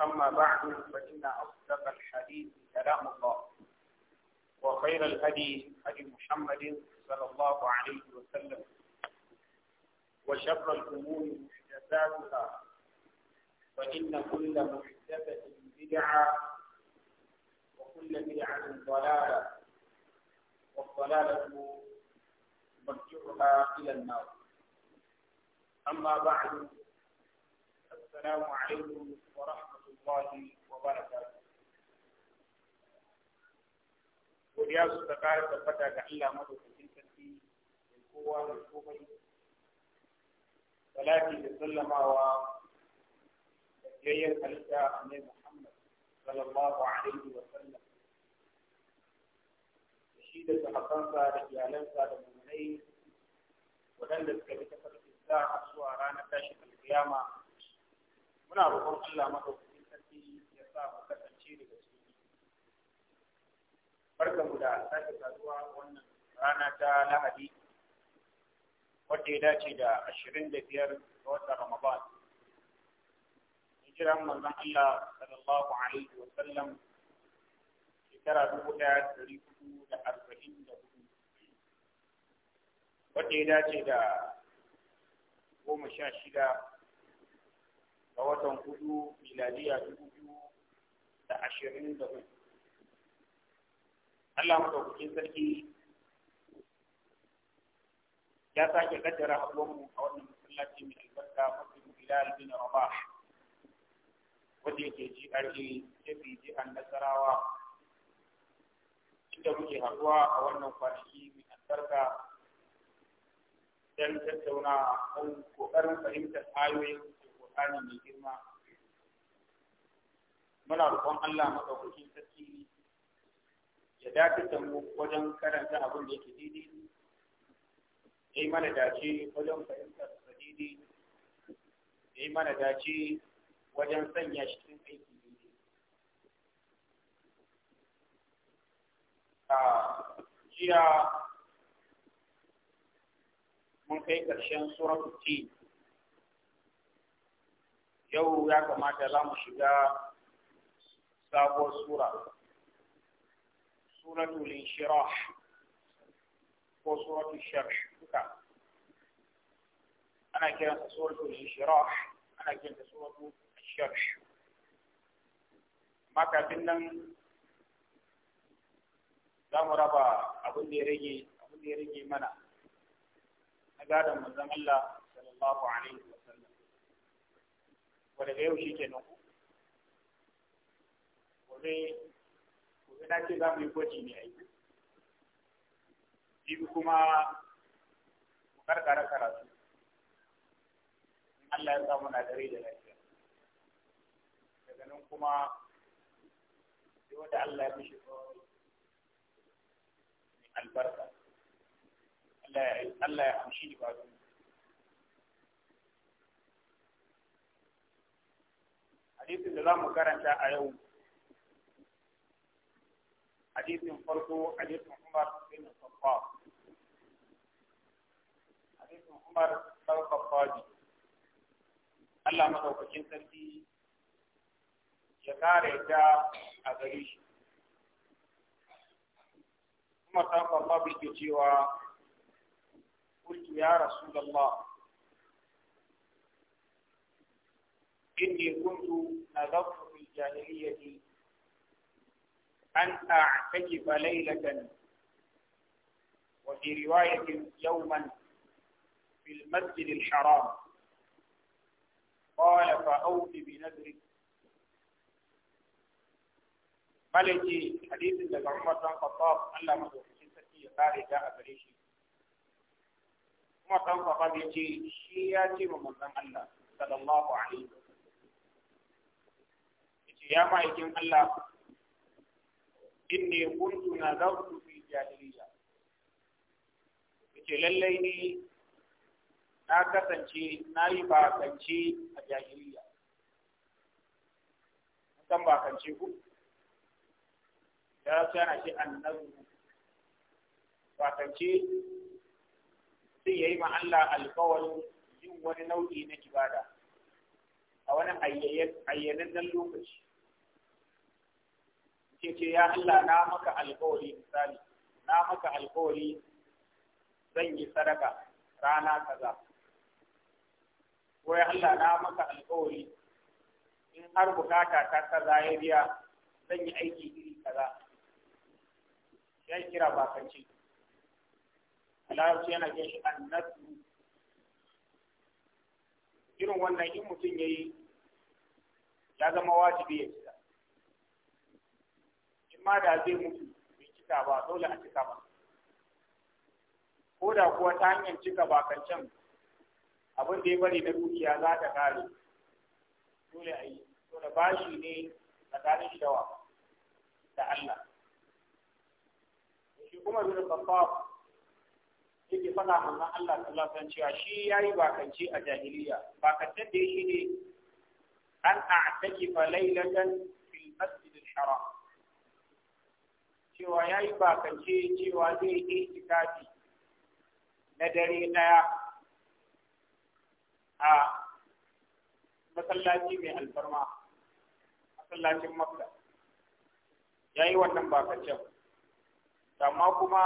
أما بعد فإن أصدق الحديث كلام الله وخير الهدي هدي محمد صلى الله عليه وسلم وشر الأمور محدثاتها فإن كل محدثة بدعة وكل بدعة ضلالة والضلالة مرجعها إلى النار أما بعد السلام عليكم ورحمة الله وبركاته وریا ستکار په پټه د الله مو د دین کتی د قوا د قوی صلاتي د محمد صلى الله عليه وسلم شهيد الحسن صار في عالم صار مني ودلت كبيرة في الساعة سوى رانة تاشف القيامة منا رفض الله مدوك barkanku da sake saduwa wannan rana ta lahadi wadda ya dace da ashirin da biyar ga watan ramadan kira manzon Allah sallallahu alaihi wa sallam shekara dubu ɗaya da ɗari hudu da arba'in da hudu wadda ya dace da goma sha shida ga watan hudu miladiya dubu biyu da ashirin da hudu Allah madaukakin sarki ya sake kaddara haɗuwarmu a wannan masallaci mai albarka mafi bilal bin rabah wanda yake GRA ji an Nasarawa inda muke haɗuwa a wannan kwanaki mai albarka don tattauna kan ƙoƙarin fahimtar ayoyin Alƙur'ani mai girma muna roƙon Allah madaukakin sarki ya dace da mu wajen karanta abin da yake didi, ya yi mana dace wajen fahimtar da didi, ya yi mana dace wajen sanya shi cikin aiki a ah, jiya mun kai ƙarshen suratul tin yau ya kamata za mu shiga sabuwar sura سورة الانشراح وسورة الشرح أنا كانت سورة الانشراح أنا كانت سورة الشرح ما كانت لهم أبو اللي رجي أبو اللي رجي منا أقاد من زمن الله صلى الله عليه وسلم ولغيه شيء نقول وغيه na ce za mu yi gwaji ne yi. jibi kuma mu karkara karatu Allah ya samu na dare da lafiya daga nan kuma sai wanda Allah ya mishi albarka Allah ya amshi ni ba hadisin da za mu karanta a yau حديث فرقه حديث عمر بن الصفاء حديث محمد بن الصفاء الله مدوكين سنتي يتارى جاء أغريش ثم تنفى الله بالجيوة قلت يا رسول الله إني كنت نذبت في الجاهلية أن أعتكف ليلة وفي رواية يوما في المسجد الحرام قال فأوت بنذرك ملكي حديث لك عمر بن الخطاب الله مدوحي سكي يقال جاء بريشي عمر بن الخطاب يجي شياتي ومن الله صلى الله عليه وسلم يا مايكين الله inni kuntu nazartu fi jahiliya yace lallai ni na kasance na yi bakance a jahiliya san bakance ku ya su yana ce annabi bakance sai yayi yi ma Allah alkawarin yin wani nau'i na ibada a wani dan lokaci ke ce ya Allah na maka alkawari misali na maka alkawari zan yi sadaka rana kaza ko ya Allah na maka alkawari in har bukata ta kaza ya biya zan yi aiki iri kaza ya kira bakanci larabci yana jin shi annabi irin wannan in mutum ya yi ya zama wajibi ya ci ma da zai mutu bai cika ba dole a cika ba ko da kuwa ta hanyar cika bakancan abin da ya bari na dukiya za ta kare dole a yi to da bashi ne tsakanin shawa da Allah shi kuma zuwa babba yake faɗa hannu Allah sallallahu alaihi cewa shi yayi bakanci a jahiliya bakantar da shi ne an a'takifa lailatan fil masjidil haram cewa ya yi bakance cewa zai yi itikafi na dare ɗaya a masallaci mai alfarma masallacin makka ya yi wannan bakancen amma kuma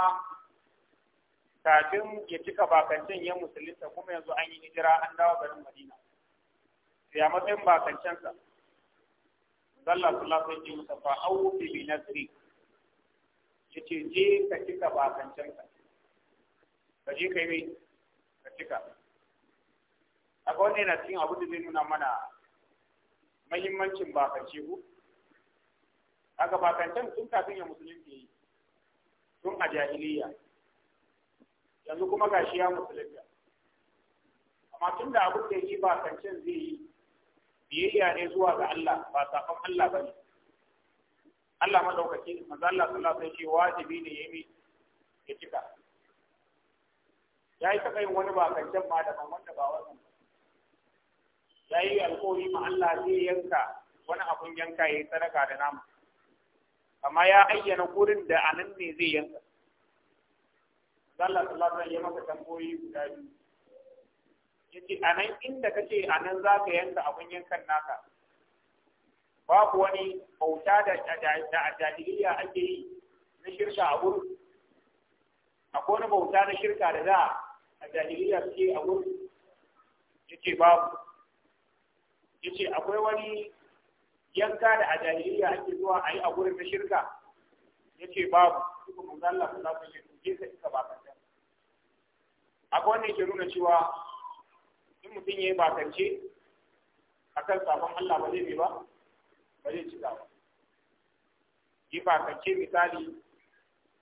kafin ya cika bakancen ya musulunta kuma yanzu an yi hijira an dawo garin madina ya matsayin bakancensa zalla sallallahu alaihi wasallam fa awfi bi nasri ya ce je ka cika bakancanka ka je ka yi ka cika a ga wannan yana cikin abu da zai nuna mana mahimmancin bakance ku aka bakancan tun kafin ya musulunci yi tun a jahiliya yanzu kuma shi ya musulunta amma tun da abin da yake bakancin zai yi biyayya ne zuwa ga Allah ba sakon Allah ba ne Allah madaukaki manzo Allah sallallahu alaihi ce wajibi ne yayi ya cika yayi ta kai wani ba kan ma da wanda ba wannan yayi alƙawari ma Allah zai yanka wani abun yanka yayi sadaka da nama amma ya ayyana gurin da anan ne zai yanka Allah sallallahu alaihi wasallam ya maka tambayoyi guda biyu yace anan inda kace anan zaka yanka abun yankan naka babu wani bauta da da ake yi na shirka a wurin? akwai wani bauta na shirka da za a jahiliya suke a wurin? ya ce babu ce akwai wani yanka da a jahiliya ake zuwa a yi a wurin na shirka Ya ce babu suka manzo Allah ku zaku ce ku je ka isa bakance akwai wani ke nuna cewa in mutum ya yi bakance kan sabon Allah ba zai bi ba ba zai cika ba kifa ka ce misali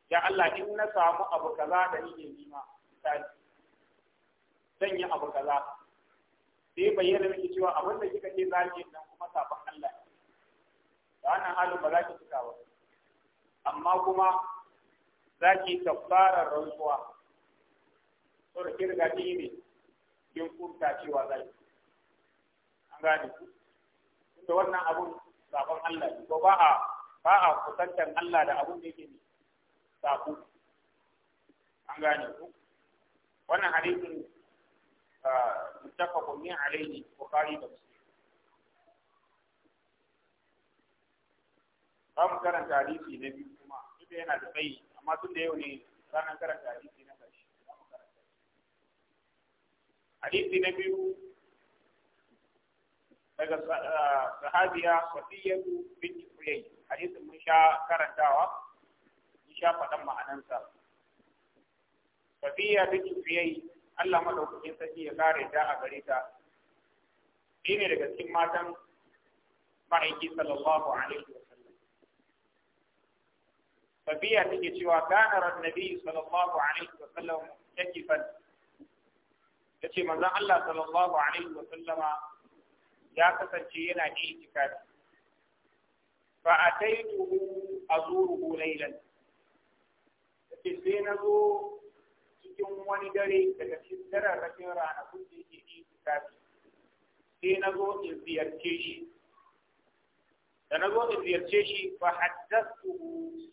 ya Allah in na samu abu kaza da nake nima misali zan yi abu kaza sai bayyana miki cewa abin da kika ce zaki nan kuma sabon Allah da wannan halin ba za ki cika amma kuma za ki tabbarar rantsuwa so da ki riga ne yin kurta cewa zaki. an gane ku da wannan abun sakon Allah ne ko ba a ba a kusantan Allah da abun da yake ne sabo an gane ku wannan hadisin ah, muttafaqun min alayhi bukhari da muslim za mu karanta hadisi na biyu kuma duk yana da tsayi amma tun da yau ne ranar karanta hadisi na ƙarshe hadisi na biyu daga sahabiya safiyatu bint huyay hadisin mun sha karantawa mun sha faɗan ma'anansa safiya bint huyay Allah madaukakin sarki ya kare ta a gare ta ne daga cikin matan ma'aiki sallallahu alaihi wasallam safiya take cewa kana annabi sallallahu alaihi wasallam takifan yace manzon Allah sallallahu alaihi wasallama ya kasance yana itikafi fa ataituhu nan. laylan sai sai na zo cikin wani dare daga cikin dararrakin ranakun da yake itikafi sai na zo in ziyarce shi da na zo in ziyarce shi fa haddastu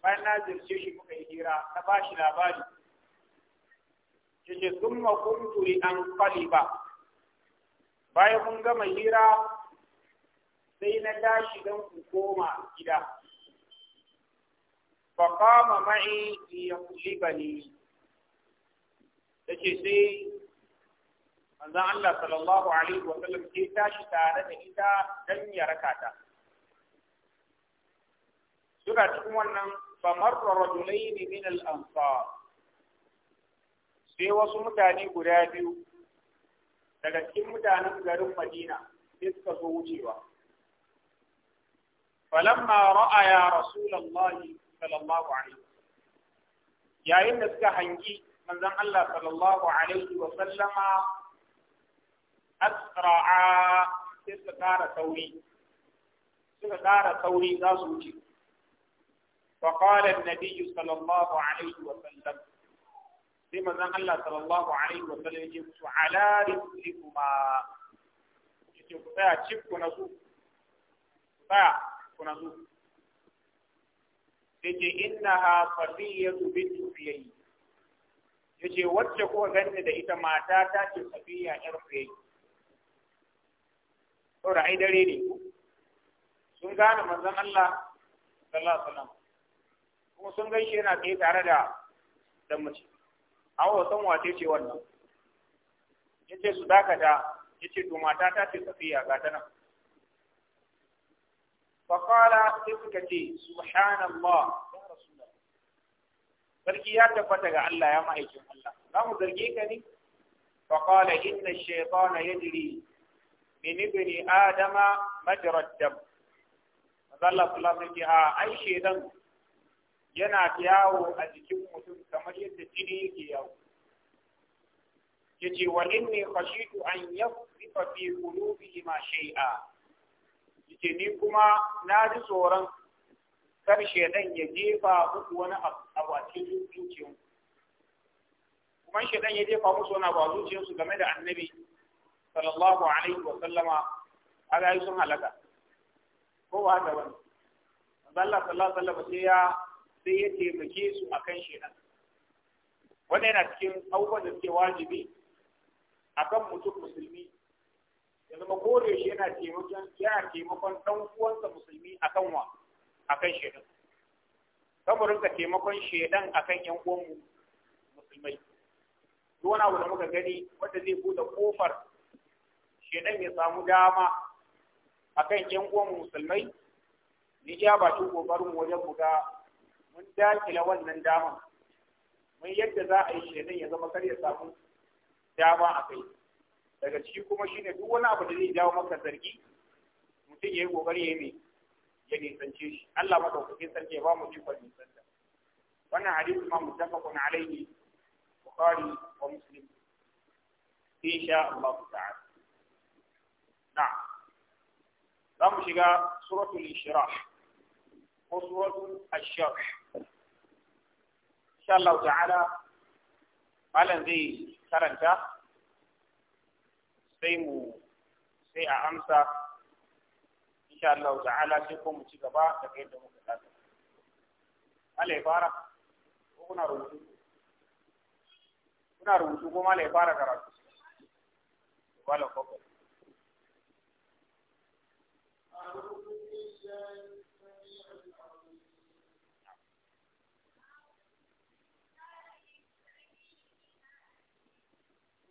ba na ziyarce shi muka yi hira na ba shi labari yace sun kuntu li anqaliba bayan mun gama hira sai na tashi don ku koma gida faƙama ma'i ya kuliba ne ta ce sai manzan Allah sallallahu alaihi wa sallam ke tashi tare da ita don ya raka ta suna cikin wannan famarra rajulai ne min al'amfa sai wasu mutane guda biyu daga cikin mutanen garin Madina sai suka zo wucewa falamma ya rasulullahi sallallahu alaihi yayin da suka hangi manzon Allah sallallahu alaihi wa sallama asra'a sai suka ƙara sauri suka ƙara sauri za su wuce فقال النبي صلى الله عليه وسلم sai mazan Allah sallallahu alaihi wa sallam yake ku ala rizqikuma yake ku tsaya cif ku nasu tsaya ku nasu yace innaha safiyatu bint fiyayi yake wacce kuka ganni da ita mata ta ce safiya yar fiyayi saboda ai dare ne sun gane manzon Allah sallallahu alaihi sallam kuma sun gaishe yana tsaye tare da dan mace awo san wace ce wannan yace su dakata yace to mata ta ce safiya ga ta nan fa qala sai suka ce subhanallah ya rasulullah sarki ya tabbata ga Allah ya ma'aikin Allah za mu zarge ka ne fa qala inna ash-shaytana yajri min ibni adama majra dam Allah sallallahu alaihi wa sallam ai shedan yana yawo a jikin mutum kamar yadda jini yake yawo yace wa inni khashitu an yafrifa fi qulubihima shay'a yace ni kuma na ji tsoron kar shedan ya jefa muku wani abu a cikin zuciyarku kuma shedan ya jefa musu wani abu a zuciyarsu game da annabi sallallahu alaihi wa sallama aga yi sun halaka ko ba da wani Allah sallallahu alaihi wa sallam sai ya sai ya taimake su akan nan. wannan yana cikin abubuwan da suke wajibi akan mutum musulmi ya zama kore shi yana taimakon yana taimakon ɗan uwansa musulmi akan wa shi nan saboda ka taimakon shedan kan yan uwan musulmai duk wani abu da muka gani wanda zai bude kofar shedan ya samu dama akan yan uwan musulmai ni ya ba shi ƙoƙarin wajen mu ga mun dakila wannan daman mun yadda za a yi shedan ya zama kar ya samu dama a kai daga ciki kuma shine duk wani abu da zai jawo maka zargi mutum ya yi kokari ya yi ya nisance shi Allah madaukakin sarki ya ba mu jikon sanda. wannan hadisi ma mutafaqun alaihi bukhari wa muslim insha Allah ta'ala Za zamu shiga suratul ishrah ko suratul ash insha Allah ta'ala malam zai karanta sai mu sai a amsa insha Allah ta'ala sai ko mu ci gaba da da muka kasa Allah ya fara ko kuna rubutu kuna rubutu ko Allah ya fara karatu wala ko Thank you.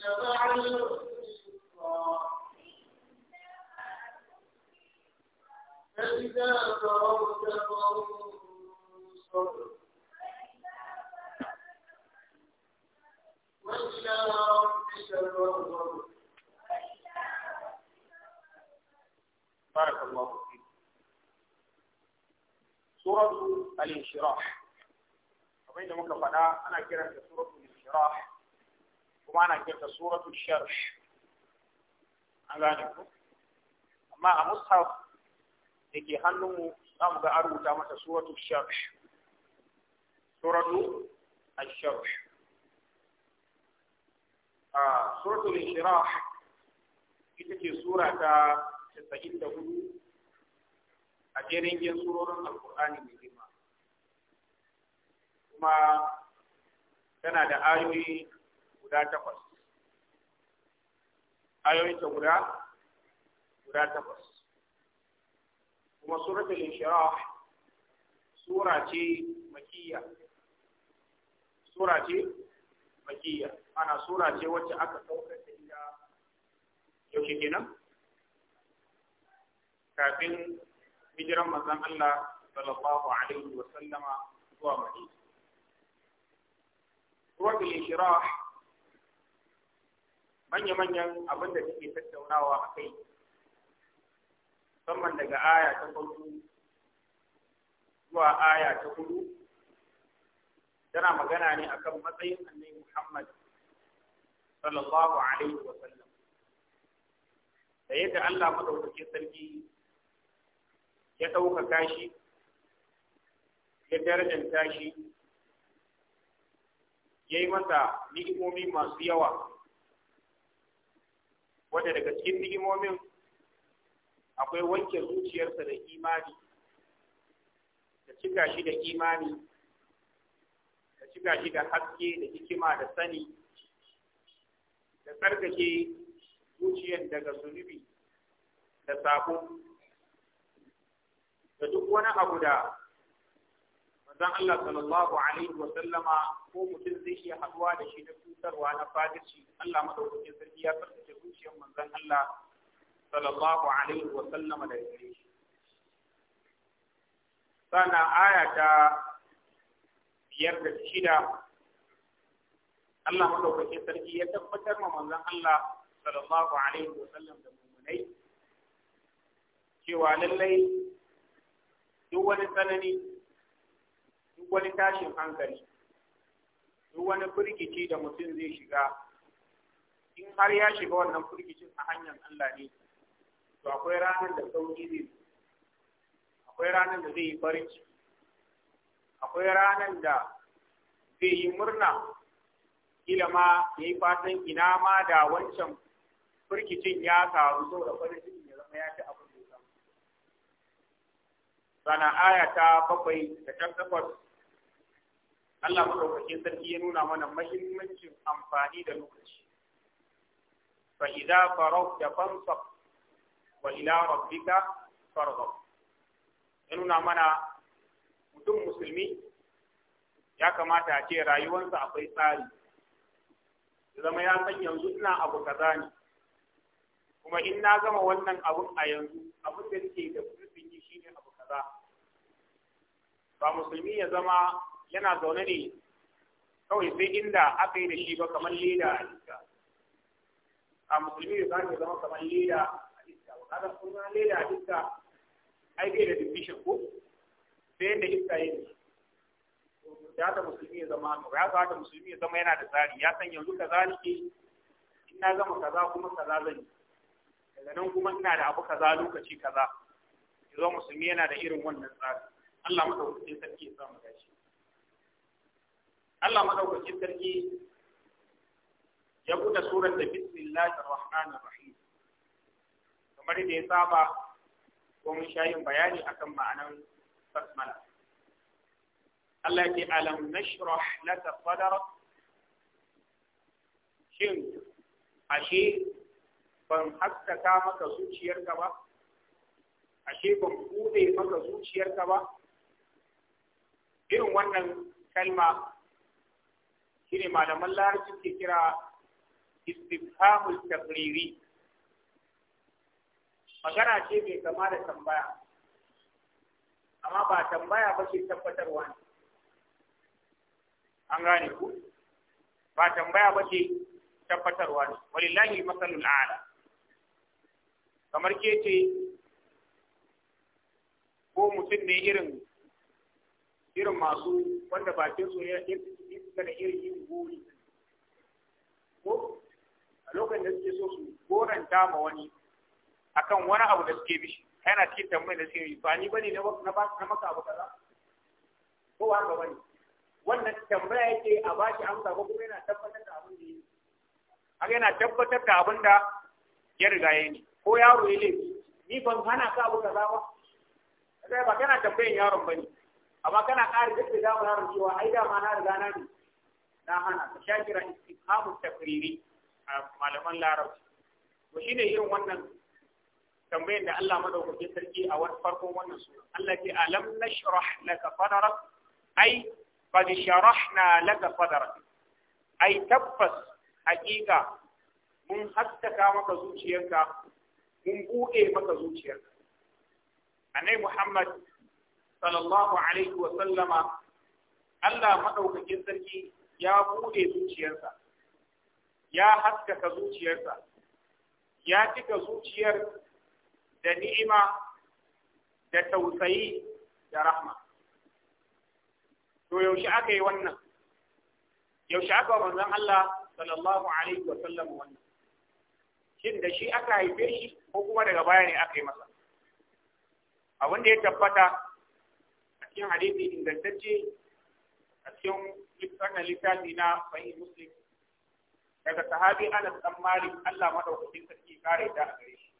فإذا فرغت فانصر وإلى ربك فارغب بارك الله فيك سورة الانشراح فبين مكة فلا أنا كرهت سورة الانشراح kuma ana kirta suratul sharh an gane ku amma a mushaf da ke hannunmu za mu ga an rubuta mata suratul sharh suratul sharh a suratul sharh ita ce sura ta 94 a jerin yin surorin alkur'ani mai girma kuma tana da ayoyi guda takwas ayoyinta guda guda takwas kuma suratul inshirah sura ce makiyya sura ce makiyya ana sura ce wacce aka saukar da ita yaushe kenan kafin hijiran manzon Allah sallallahu alaihi wa sallama zuwa Madina suratul inshirah manya-manyan abin da suke tattaunawa a kai musamman daga aya ta farko zuwa aya ta hudu tana magana ne akan matsayin annabi Muhammad sallallahu alaihi wa sallam da yadda Allah madaukake sarki ya ɗaukaka shi ya darajanta shi ya yi masa ni'imomi masu yawa wanda daga cikin ni'imomin akwai wanke zuciyarsa da imani da cika shi da imani da cika shi da haske da hikima da sani da tsarkake zuciyar daga zunubi da sabo da duk wani abu da manzon Allah sallallahu alaihi wa sallama ko mutum zai iya haduwa da shi na cutarwa na fadirci Allah madaukakin sarki ya tsarkake zuciyar manzon Allah sallallahu alaihi wa sallama da gare sana aya ta biyar da shida Allah madaukakin sarki ya tabbatar ma manzon Allah sallallahu alaihi wa sallam da mummunai cewa lallai duk wani tsanani wani tashin hankali duk wani firgici da mutum zai shiga in har ya shiga wannan firgicin a hanyar Allah ne to akwai ranar da sauki zai akwai ranar da zai yi farin akwai ranar da zai yi murna kila ma ya yi fatan ina ma da wancan firgicin ya taru sau da farin cikin ya zama ya ci abin da Sana'a ya ta bakwai da Allah madaukakin sarki ya nuna mana mahimmancin amfani da lokaci fa idza da fansab wa ila rabbika farghab ya nuna mana mutum musulmi ya kamata a ce rayuwarsa akwai tsari zama ya san yanzu ina abu kaza ne kuma in na gama wannan abun a yanzu abun da nake da kurfin yi ne abu kaza ba musulmi ya zama yana zaune ne kawai sai inda aka yi da shi ba kamar leda a iska a musulmi da zai zama kamar leda a iska ba kaga kuma leda a iska ai bai da division ko sai yadda iska yi ya ta musulmi ya zama haka ya ta musulmi ya zama yana da tsari ya san yanzu kaza nake ina zama kaza kuma kaza zan yi daga nan kuma ina da abu kaza lokaci kaza ya zama musulmi yana da irin wannan tsari Allah madaukakin sarki ya samu gashi Allah madaukakin sarki ya buɗe surar da bismillahir rahmanir rahim kamar da ya saba ko mun shayi bayani akan ma'anan basmala Allah ya ce alam nashrah laka sadrak shin ashe ban haskaka maka zuciyarka ba ashe ban bude maka zuciyarka ba irin wannan kalma shine malaman larabci ke kira istifhamul takriri magana ce bai kama da tambaya amma ba tambaya ba ce tabbatarwa ne an gane ku ba tambaya ba ce tabbatarwa ne walillahi masalul ala kamar ke ce ko mutum ne irin irin masu wanda bakin su ya suka da irin yin buri ko a lokacin da suke so su goranta ma wani akan wani abu da suke bishi yana cikin tambayi da suke yi ba ni bane na na na maka abu kaza ko ba haka bane wannan tambaya yake a bashi amsa ko kuma yana tabbatar da abin da yake haka yana tabbatar da abin da ya riga ya yi ko yaro ya laifi ni ban hana ka abu kaza ba sai ba kana tambayin yaron bane amma kana ƙara damar yaron cewa ai da ma na riga na ne na hana ta sha kira istifhamu a malaman larabci to shine irin wannan tambayar da Allah madaukakin sarki a wani farkon wannan sura Allah ce alam nashrah laka sadrak ai qad sharahna laka sadrak ai tabbas hakika mun haskaka maka zuciyarka mun buɗe maka zuciyarka annai Muhammad sallallahu alaihi wa sallama Allah sarki ya bude zuciyarsa ya haskaka zuciyarsa ya cika zuciyar da ni'ima da tausayi da rahma to yaushe aka yi wannan yaushe aka manzon Allah sallallahu alaihi wa sallam wannan shin da shi aka haife shi ko kuma daga baya ne aka yi masa abin da ya tabbata a cikin hadisi ingantacce a cikin sannan littafi na sahih muslim daga sahabi Anas dan Malik Allah madaukakin sarki kare ta. a gare shi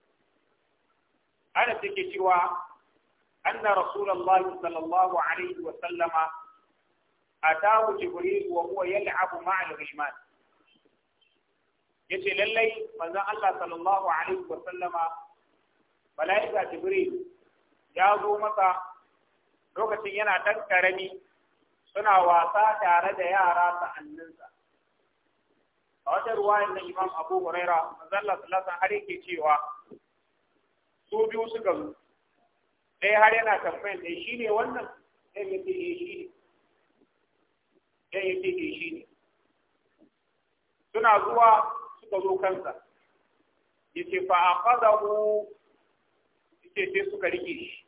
Anas yake cewa anna rasulullahi sallallahu alaihi wa sallama atahu jibril wa huwa yal'abu ma'a al-ghilman yace lallai manzon Allah sallallahu alaihi wa sallama malaika jibril ya zo masa lokacin yana dan karami suna wasa tare da yara hannunsa. a wata yin na imam abu huraira manzalla Salasa har yake cewa su biyu suka zo ɗaya har yana tambayar ɗaya shi ne wannan ɗaya yake ɗaya eh, shi ne ɗaya yake ɗaya eh, shi ne suna zuwa suka zo kansa yace fa akhadahu yace sai suka rike shi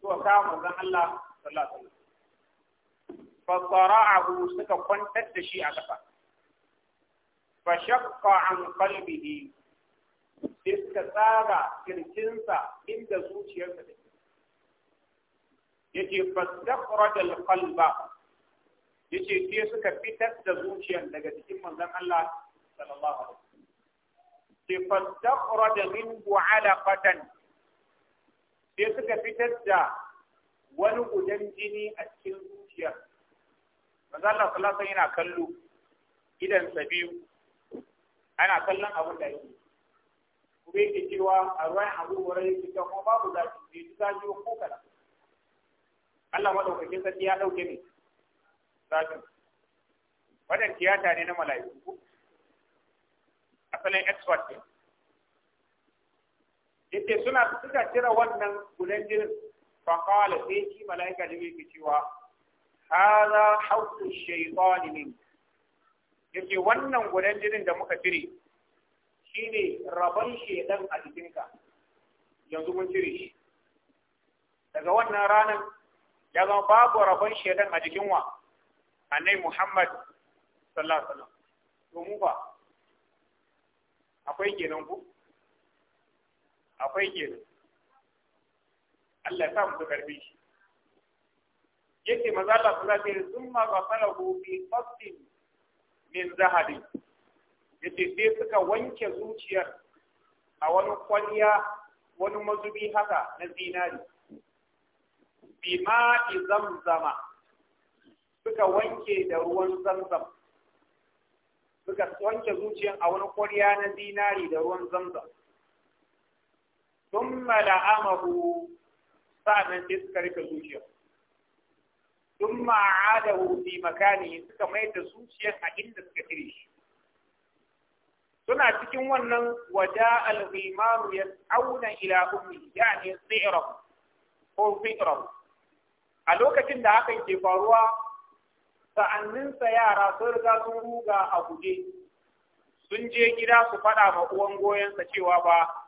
to kama zan Allah Salasa. fasara'ahu suka kwantar da shi a ƙasa fa shaqqa an qalbihi sai suka tsaga kirkinsa inda zuciyarsa take yace fastaqrad al qalba yace sai suka fitar da zuciyar daga cikin manzon Allah sallallahu alaihi wasallam sai fastaqrad minhu alaqatan sai suka fitar da wani gudan jini a cikin zuciyar manzo Allah sallallahu alaihi yana kallo idan sa biyu ana kallon abin da yake kuma yake cewa a ruwan abu wurin yake ta kuma babu zafi bai ji zafi ko kala Allah madaukakin sarki ya dauke ne zafin wannan tiyata ne na mala'iku asalin expert ne yake suna suka cire wannan gudan jinin fa qala sai ki mala'ika da yake cewa hadha hawqu shaytani min yake wannan gudan jinin da muka cire shine rabon shedan a jikinka yanzu mun cire shi daga wannan ranar ya zama babu rabon shedan a jikin wa annai Muhammad sallallahu alaihi wasallam mu ba akwai kenan ku akwai kenan Allah ya sa mu karbi shi yake maza Allah kula ce summa ghasalahu bi fasin min zahabi yake sai suka wanke zuciyar a wani kwaliya wani mazubi haka na zinari ma zamzama suka wanke da ruwan zamzam suka wanke zuciyar a wani kwaliya na zinari da ruwan zamzam sun mala'amahu sa'annan sai suka rika zuciyar ثم da في مكانه suka mai da zuciyar a inda suka cire shi suna cikin wannan waja al-ghimar yas'auna ila ummi yani si'ra ko fi'ra a lokacin da hakan ke faruwa sa'anninsa yara sun riga sun ruga a guje sun je gida su faɗa ma uwan sa cewa ba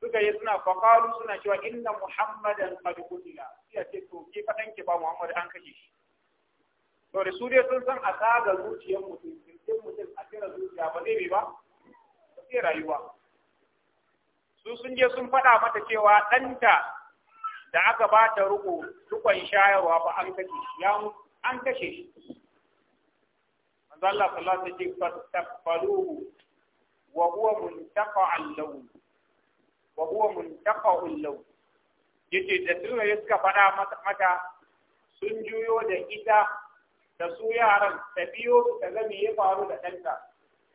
suka yi suna faƙalu suna cewa inda muhammadan qad qutila ya ce to ke fadan ke ba Muhammadu an kashe shi to da su dai sun san a tsaga zuciyar mutum jirgin mutum a tsira zuciya ba zai ba sai rayuwa su sun je sun faɗa mata cewa ɗanta da aka ba ta riko rukon shayarwa ba an kashe shi ya an kashe shi manzo Allah sallallahu alaihi wasallam ce fastaghfaruhu wa huwa muntaqa al-lawn wa huwa muntaqa'ul law yace da ya suka fada mata sun juyo da ita da su yaran ta biyo ta ga ya faru da ɗanta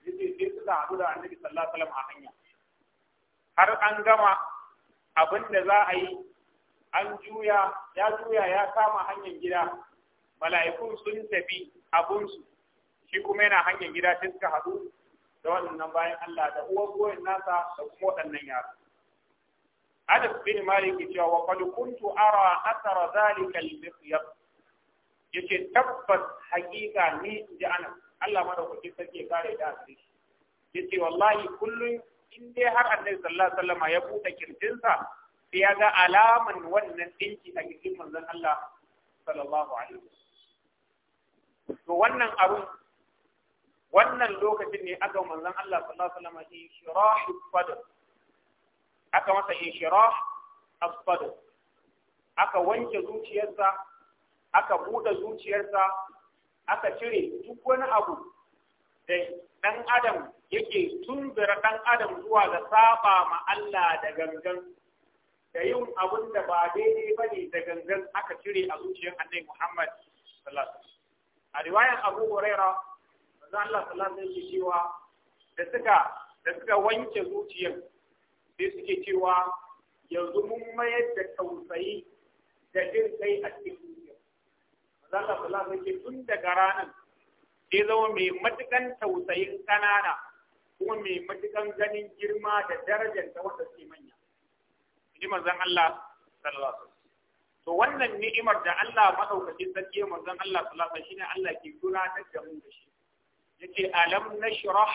yace sai suka haɗu da annabi sallallahu alaihi wasallam a hanya har an gama abin da za a yi an juya ya juya ya kama hanyar gida mala'ikun sun tafi abunsu shi kuma yana hanyar gida sai suka haɗu da waɗannan bayan Allah da uwar nasa da kuma waɗannan yara Anas bin Malik ya cewa wa qad kuntu ara athara zalika al-mikhyab yace tabbas haƙiƙa ni inji ana, Allah ma da sarki ya kare da asiri yace wallahi kullun in dai har Annabi sallallahu alaihi wasallam ya buɗe kirjinsa sai ya ga alaman wannan dinki a kirjin manzon Allah sallallahu alaihi wasallam to wannan abun wannan lokacin ne aka manzon Allah sallallahu alaihi wasallam shi rahu fadl aka masa inshirah asfadu, aka wanke zuciyarsa aka bude zuciyarsa aka cire duk wani abu da ɗan adam yake tunzura ɗan adam zuwa ga saba ma Allah da gangan da yin abun da ba daidai ba ne da gangan aka cire a zuciyar annabi Muhammad sallallahu alaihi wasallam a riwayar Abu Huraira manzo Allah sallallahu alaihi wasallam yake cewa da suka da suka wanke zuciyar sai suke cewa yanzu mun mayar da tausayi da jin kai a cikin zuciya za ka kula da ke tun daga ranar sai zama mai matukan tausayin ƙanana kuma mai matukan ganin girma da darajar da wanda suke manya ji manzon Allah sallallahu alaihi to wannan ni'imar da Allah madaukakin sarki ya manzon Allah sallallahu alaihi wasallam shine Allah ke tunatar da mu da shi yace alam nashrah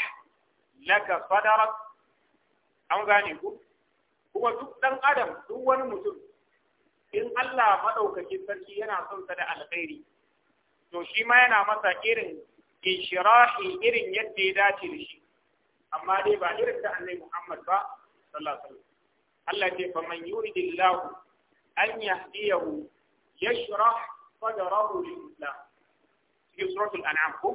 laka sadrak an gane ku kuma duk dan adam duk wani mutum in Allah madaukakin sarki yana son sa da alkhairi to shi ma yana masa irin inshirahi irin yadda ya dace da shi amma dai ba irin ta annabi Muhammad ba sallallahu alaihi wasallam Allah ce fa man yuridillahu an yahdiyahu yashrah sadrahu lil-islam cikin suratul an'am ko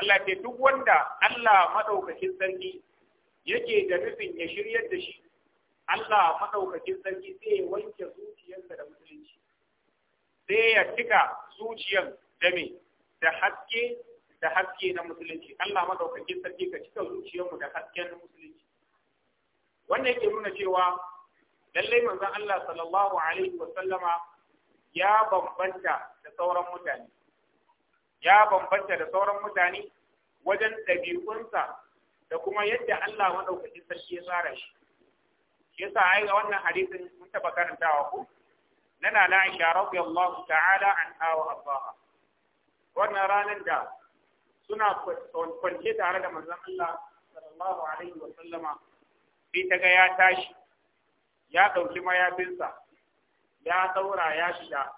Allah ce duk wanda Allah madaukakin sarki yake da nufin ya shiryar da shi Allah madaukakin sarki sai ya wanke zuciyarsa da musulunci sai ya tika zuciyar da me da haske da haske na musulunci Allah madaukakin sarki ka cika zuciyarmu da hasken musulunci wannan yake nuna cewa lallai manzon Allah sallallahu alaihi wa sallama ya bambanta da sauran mutane ya bambanta da sauran mutane wajen ɗabi'unsa da kuma yadda Allah madaukakin sarki ya tsara shi yasa ai ga wannan hadisin mun taba karantawa ko nana la Aisha radiyallahu ta'ala an wa ardaha wannan ranar da suna kwance tare da manzon Allah sallallahu alaihi wa sallama sai ta ga ya tashi ya dauki mayafinsa ya saura, ya shiga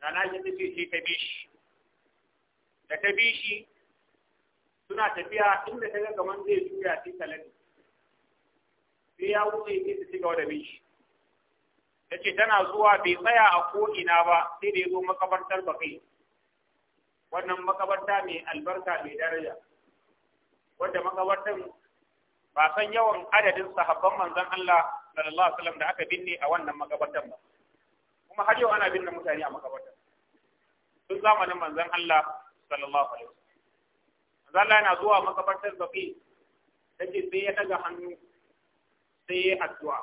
nana shi take ce ta bishi da ta bishi suna tafiya inda ta ga kamar zai juya shi talabi sai ya wuce sai ci gaba da bin shi ta ce tana zuwa bai tsaya a ko'ina ba sai da ya zo makabartar bakai wannan makabarta mai albarka mai daraja wadda makabartan ba san yawan adadin sahabban manzon Allah sallallahu alaihi wasallam da aka binne a wannan makabartan ba kuma har yau ana binne mutane a makabartan sun zamanin manzon Allah sallallahu alaihi wasallam Allah yana zuwa makabartar baki take sai ya daga hannu sai ya addu'a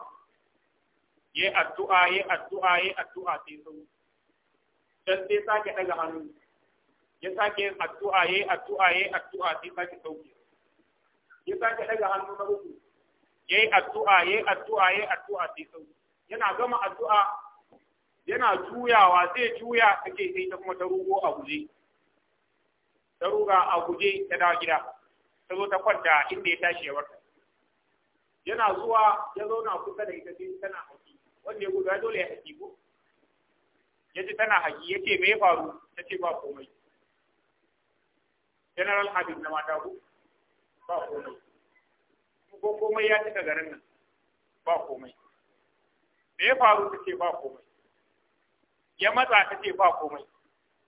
ya addu'a ya addu'a ya addu'a sai sau dan sai sake daga hannu ya sake yin addu'a ya addu'a ya addu'a sai sake sauke ya sake daga hannu na uku ya yi addu'a ya addu'a ya addu'a sai sau. yana gama addu'a yana juyawa zai juya take sai ta kuma ta rugo a guje daruga a guje ta dawo gida ta zo ta kwanta inda ya tashi ya warka yana zuwa ya zauna kusa da ita sai tana haki wanda ya guda dole ya haki ko ya ji tana haki ya ce me ya faru ta ce ba komai general habib na mata ku ba komai ko komai ya cika garin nan ba komai me ya faru ta ce ba komai ya matsa ta ce ba komai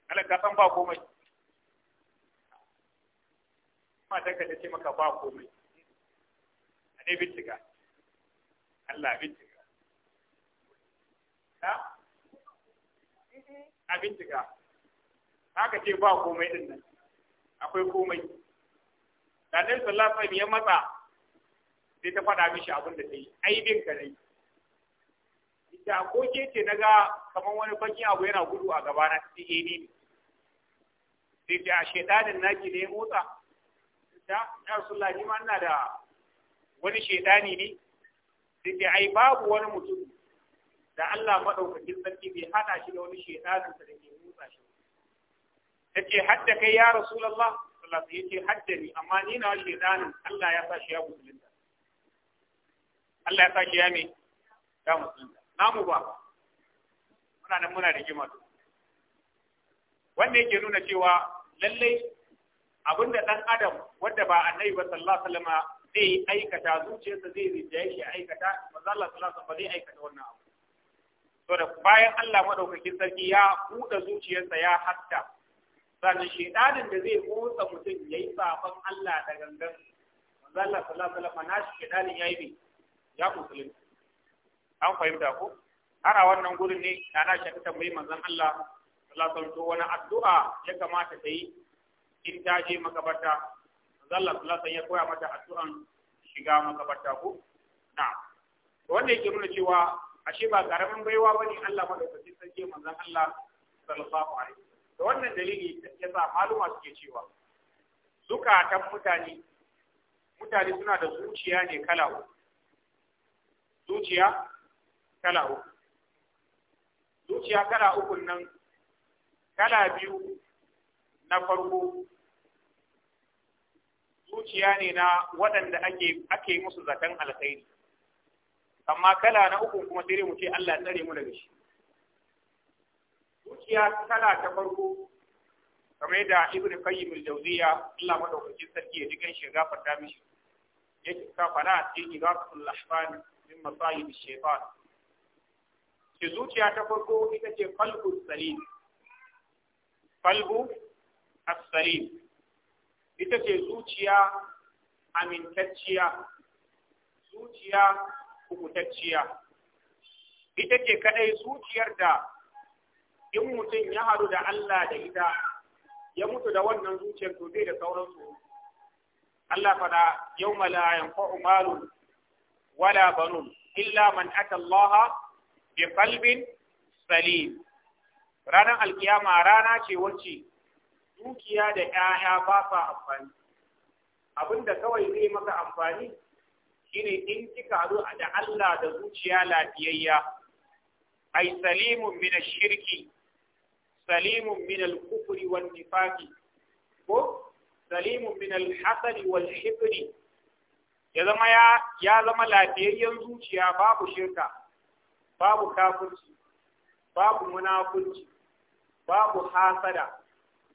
alaka san ba komai matan ka ta ce ba komai a ne Allah a bincika haka ce ba komai din akwai komai da nan ya matsa sai ta faɗa mishi abin da ta yi aibin ka ne ita ko ke ce na ga kamar wani bakin abu yana gudu a gaba na sai eh, ne sai ta naki ne motsa ta ya rasulullah ni ma ina da wani shedani ne da ke ai babu wani mutum da Allah madaukakin sarki bai hada shi da wani shaidanin sa da ke mutsa shi ce hadda kai ya rasulullah sallallahu alaihi yace hadda ni amma ni na shaidanin Allah ya sa shi ya musulunta Allah ya sa shi ya me ya musulunta namu ba muna nan muna da jima wanda yake nuna cewa lallai abinda dan adam wanda ba annabi ba sallallahu alaihi wasallam zai aikata zuciyarsa zai rinjaye shi aikata manzo Allah sallallahu alaihi wasallam ba zai aikata wannan abu to da bayan Allah madaukakin sarki ya buɗe zuciyarsa ya hatta sannan shedanin da zai motsa mutum yayi saban Allah da gangan manzo Allah sallallahu alaihi wasallam na shedanin yayi ne ya musulunci an fahimta ko Ana wannan gurin ne ana shakka tambayi manzon Allah sallallahu alaihi wasallam wani addu'a ya kamata ta yi in ta je makabarta zalla sallallahu ya koya mata addu'an shiga makabarta ko na'am wanda yake nuna cewa ashe ba karamin baiwa bane Allah sai sarki manzon Allah sallallahu alaihi da wannan dalili sa maluma suke cewa ta mutane mutane suna da zuciya ne kala uku zuciya kala uku zuciya kala uku nan kala biyu na farko zuciya ne na waɗanda ake ake musu zaton alkhairi amma kala na uku kuma sai mu ce Allah tsare mu daga shi zuciya kala ta farko kamar yadda Ibn Qayyim al jawziya Allah madaukakin sarki ya jigan shi gafarta mishi yake ka fara cikin igafatul ahfan min masayib ash-shaytan ke zuciya ta farko ita ce qalbu salim qalbu as-salim ita ce zuciya amintacciya zuciya kubutacciya ita ce kadai zuciyar da in mutum ya haɗu da Allah da ita ya mutu da wannan zuciyar to da sauransu Allah fada yau la yanfa'u malun wala banun illa man ata Allah bi qalbin salim ranar alkiyama rana ce wacce dukiya da ‘ya'ya ba sa amfani da kawai zai maka amfani shine in kika zo da Allah da zuciya lafiyayya ai salimun min shirki salimun min al-kufri wan nifaqi ko salimun min al-hasad wal hibri ya zama ya ya zama lafiyayyen zuciya babu shirka babu kafirci babu munafurci babu hasada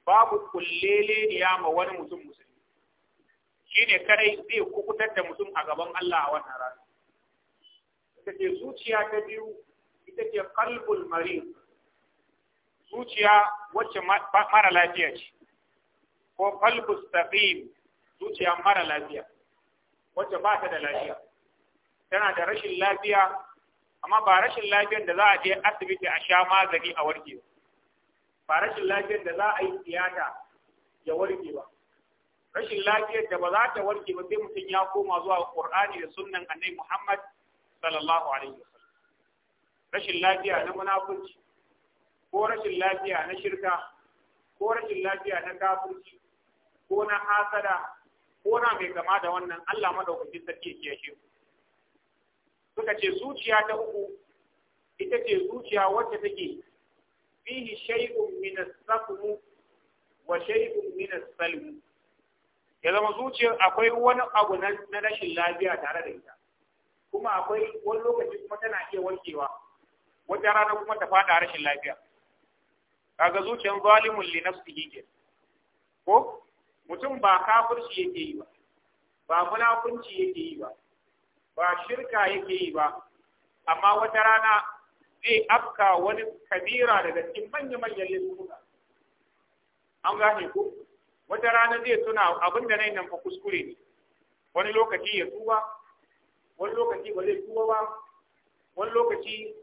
babu kullele ya ma wani mutum musulmi shine kadai zai kukutar da mutum a gaban Allah a wannan rana ita ce zuciya ta biyu ita ce qalbul marid zuciya wacce mara lafiya ce ko qalbus taqim zuciya mara lafiya wacce ba ta da lafiya tana da rashin lafiya amma ba rashin lafiyar da za a je asibiti a sha magani a warke ba ba rashin lafiyar da za a yi tiyata ya warke ba rashin lafiyar da ba za ta warke ba sai mutum ya koma zuwa Qur'ani da sunnan Annabi Muhammad sallallahu alaihi wasallam rashin lafiya na munafunci ko rashin lafiya na shirka ko rashin lafiya na kafirci ko na hasada ko na mai gama da wannan Allah madaukakin sarki ya kiyashe suka ce zuciya ta uku ita ce zuciya wacce take fihi shay'un min as-saqm wa shay'un ya zama zuciyar akwai wani abu na rashin lafiya tare da ita kuma akwai wani lokaci kuma tana iya warkewa wata rana kuma ta fada rashin lafiya kaga zuciyar zalimun li nafsihi ke ko mutum ba kafirci yake yi ba ba munafunci yake yi ba ba shirka yake yi ba amma wata rana zai afka wani kabira daga cikin manya-manyan laifuka an gane ko wata rana zai tuna abin da nan fa kuskure ne wani lokaci ya tuba wani lokaci ba zai tuba ba wani lokaci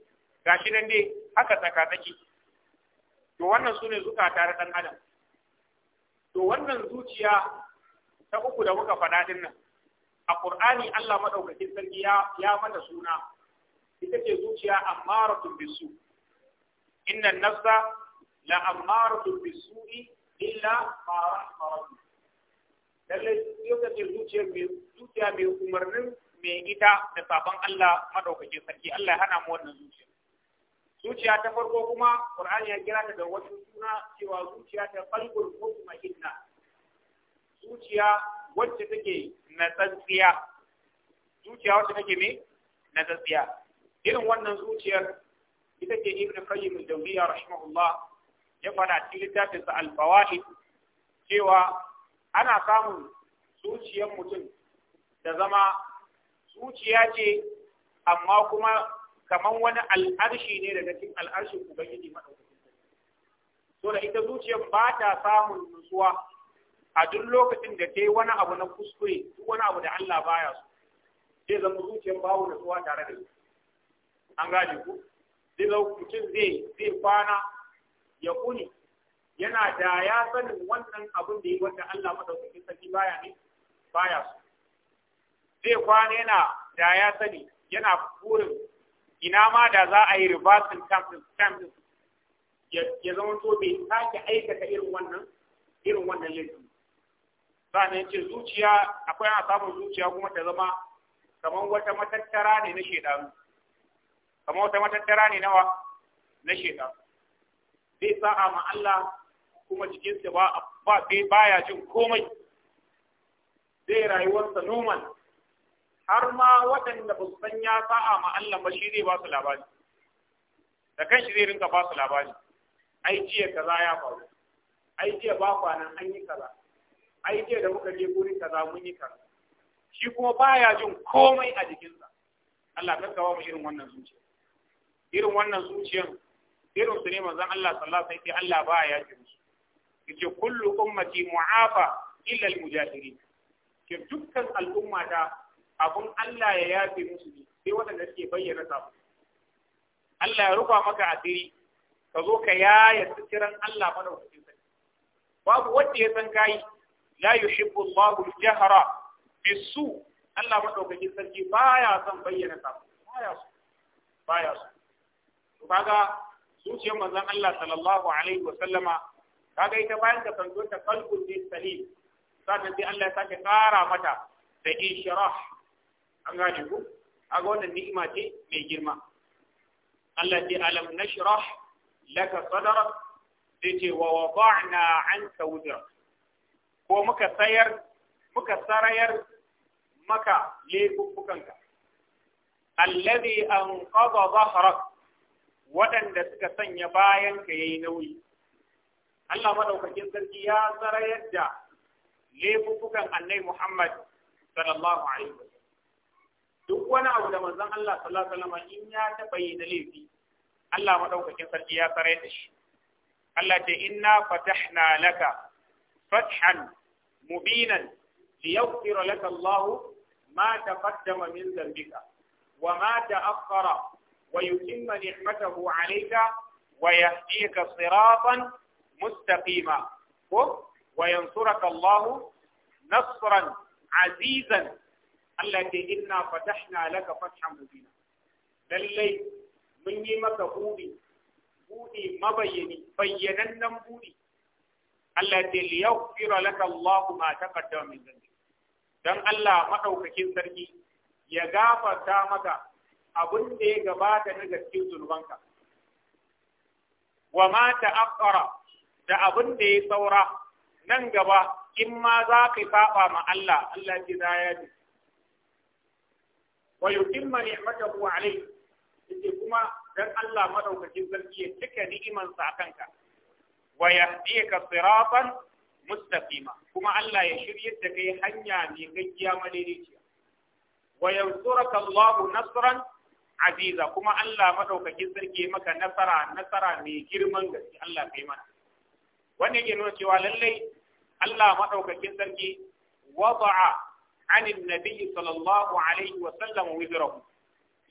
gashi nan dai haka tsakatsaki to wannan sune zuka tare dan adam to wannan zuciya ta uku da muka faɗa din nan a Qur'ani Allah madaukakin sarki ya ya mana suna ita ce zuciya ammaratun bisu inna nafsa la ammaratun bisu illa ma rahmaratu dalle ita ce zuciya mai zuciya mai umarnin mai ita da sabon Allah madaukakin sarki Allah ya hana mu wannan zuciya zuciya ta farko kuma Qur'ani ya kira ta da wasu suna cewa zuciya ta qalbul mutma'inna zuciya wacce take natsantsiya zuciya wacce take na natsantsiya irin wannan zuciyar ita ce ibn qayyim al-jawziyya rahimahullah ya fada cikin littafin sa al-fawaid cewa ana samun zuciyar mutum da zama zuciya ce amma kuma kaman wani al'arshi ne daga cikin al'arshin ubangiji madaukakin to da ita zuciyar ba ta samun nutsuwa a duk lokacin da ta yi wani abu na kuskure duk wani abu da Allah baya so zai zama zuciyar babu nutsuwa tare da ita an gane ku zai mutum zai zai kwana ya kuni yana da ya sanin wannan abin da yi wanda Allah madaukakin sarki baya ne baya su zai kwana yana da ya sani yana burin ina ma da za a yi reversing stamp din ya zama to bai sake aikata irin wannan irin wannan laifi sannan ce zuciya akwai a samun zuciya kuma ta zama kamar wata matattara ne na shedanu kama wata matattara ne nawa na shaitan zai sa'a ma Allah kuma jikinsa ba ba baya jin komai zai rayuwarsa normal har ma waɗanda ba su san ya sa'a ma Allah ba shi zai ba su labari da kanshi zai rinka ba su labari ai jiya kaza ya faru ai jiya ba kwanan an yi kaza ai jiya da muka je gurin kaza mun yi kaza shi kuma baya jin komai a jikinsa Allah kanka ba mu irin wannan zuciya irin wannan zuciyan irin su ne manzon Allah sallallahu alaihi wasallam Allah ba ya ji musu yace kullu ummati mu'afa illa al-mujahirin ke dukkan al'umma ta abun Allah ya yafe musu ne sai waɗanda suke bayyana sabu Allah ya rufa maka asiri ka zo ka yaya sitiran Allah madaukakin sarki babu wanda ya san kai la yuhibbu Allahu al-jahra bisu Allah madaukakin sarki baya son bayyana sabu baya so baya so to kaga zuciyar manzon Allah sallallahu alaihi wa sallama kaga ita bayan ka san ta qalbul bi salim sannan sai Allah ya sake kara mata da inshirah an gane ku kaga wannan ni'ima ce mai girma Allah ya alam nashrah laka sadrak sai ce wa wada'na anka wudrak ko muka sayar muka sarayar maka laifukanka allazi anqadha dhahrak waɗanda suka sanya bayan ka yi nauyi Allah maɗaukakin sarki ya tsara yadda laifukan annai Muhammad sallallahu alaihi wasallam duk wani abu da manzon Allah sallallahu alaihi wasallam in ya taɓa yi da laifi Allah maɗaukakin sarki ya tsara da shi Allah ce inna fatahna laka fathan mubinan liyaghfira laka Allah ma taqaddama min dhanbika wa ma ta'akhkhara ويتم نعمته عليك ويهديك صراطا مستقيما وينصرك الله نصرا عزيزا التي إنا فتحنا لك فتحا مبينا للي من يمك بودي بودي مبيني بينا بودي التي ليغفر لك الله ما تقدم من ذنبك دم الله مدوكك سرقي يغافر تامك abin da ya gabata na gaske zunubanka wa ma ta'akkara da abin da ya saura nan gaba in ma za ka saba ma Allah Allah ce za ya ji wa yutimma ni'matahu alayhi kuma dan Allah madaukakin sarki ya cika ni'iman sa kanka wa yahdika siratan mustaqima kuma Allah ya shirya da kai hanya mai gaggiya madaidaiciya wa yansuraka Allah nasran aziza kuma Allah madaukakin sarki maka nasara nasara mai girman gaske Allah kai mana wannan yake nuna cewa lallai Allah madaukakin sarki wada'a عن النبي sallallahu alaihi wa وسلم wizrahu.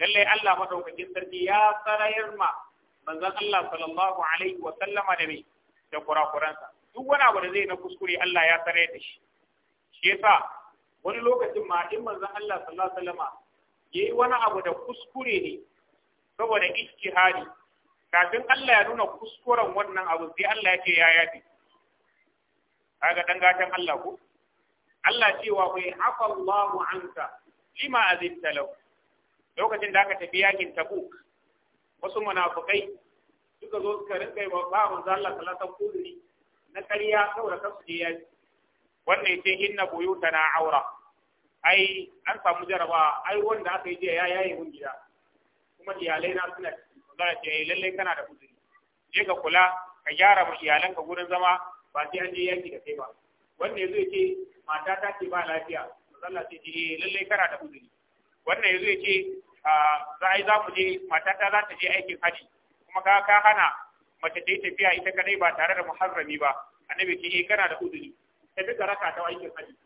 lallai Allah madaukakin sarki ya sarayar ma manzon Allah sallallahu alaihi wa sallama da me da kurakuransa duk wani abu da zai na kuskure Allah ya sarayar da shi shi yasa wani lokacin ma in manzon Allah sallallahu alaihi wa sallama ya yi wani abu da kuskure ne saboda ijtihadi kafin Allah ya nuna kuskuren wannan abu sai Allah ya ce ya yafi kaga dan gatan Allah ko Allah cewa kai hafa Allahu anka lima azibta law lokacin da aka tafi yakin Tabuk wasu munafikai suka zo suka rinka yi wa babu zalla salatan kuduri na ƙarya saboda kansu je yaki wannan ya ce inna buyutana aura ai an samu jaraba ai wanda aka yi jiya ya yaye mun gida kuma iyalai na suna zara ce eh, lalle kana da uzuri je ka kula ka gyara iyalan iyalanka gurin zama ba sai an je yaki da kai ba wanda ya zai ce mata ta ce ba lafiya Allah sai ce eh, lalle kana da uzuri wannan ya zai ce ah, za a yi za mu je mata ta za ta je aikin haji kuma ka ka hana mace ta yi tafiya ita kadai ba tare da muharrami ba annabi ce eh kana da uzuri ta duka raka ta aikin haji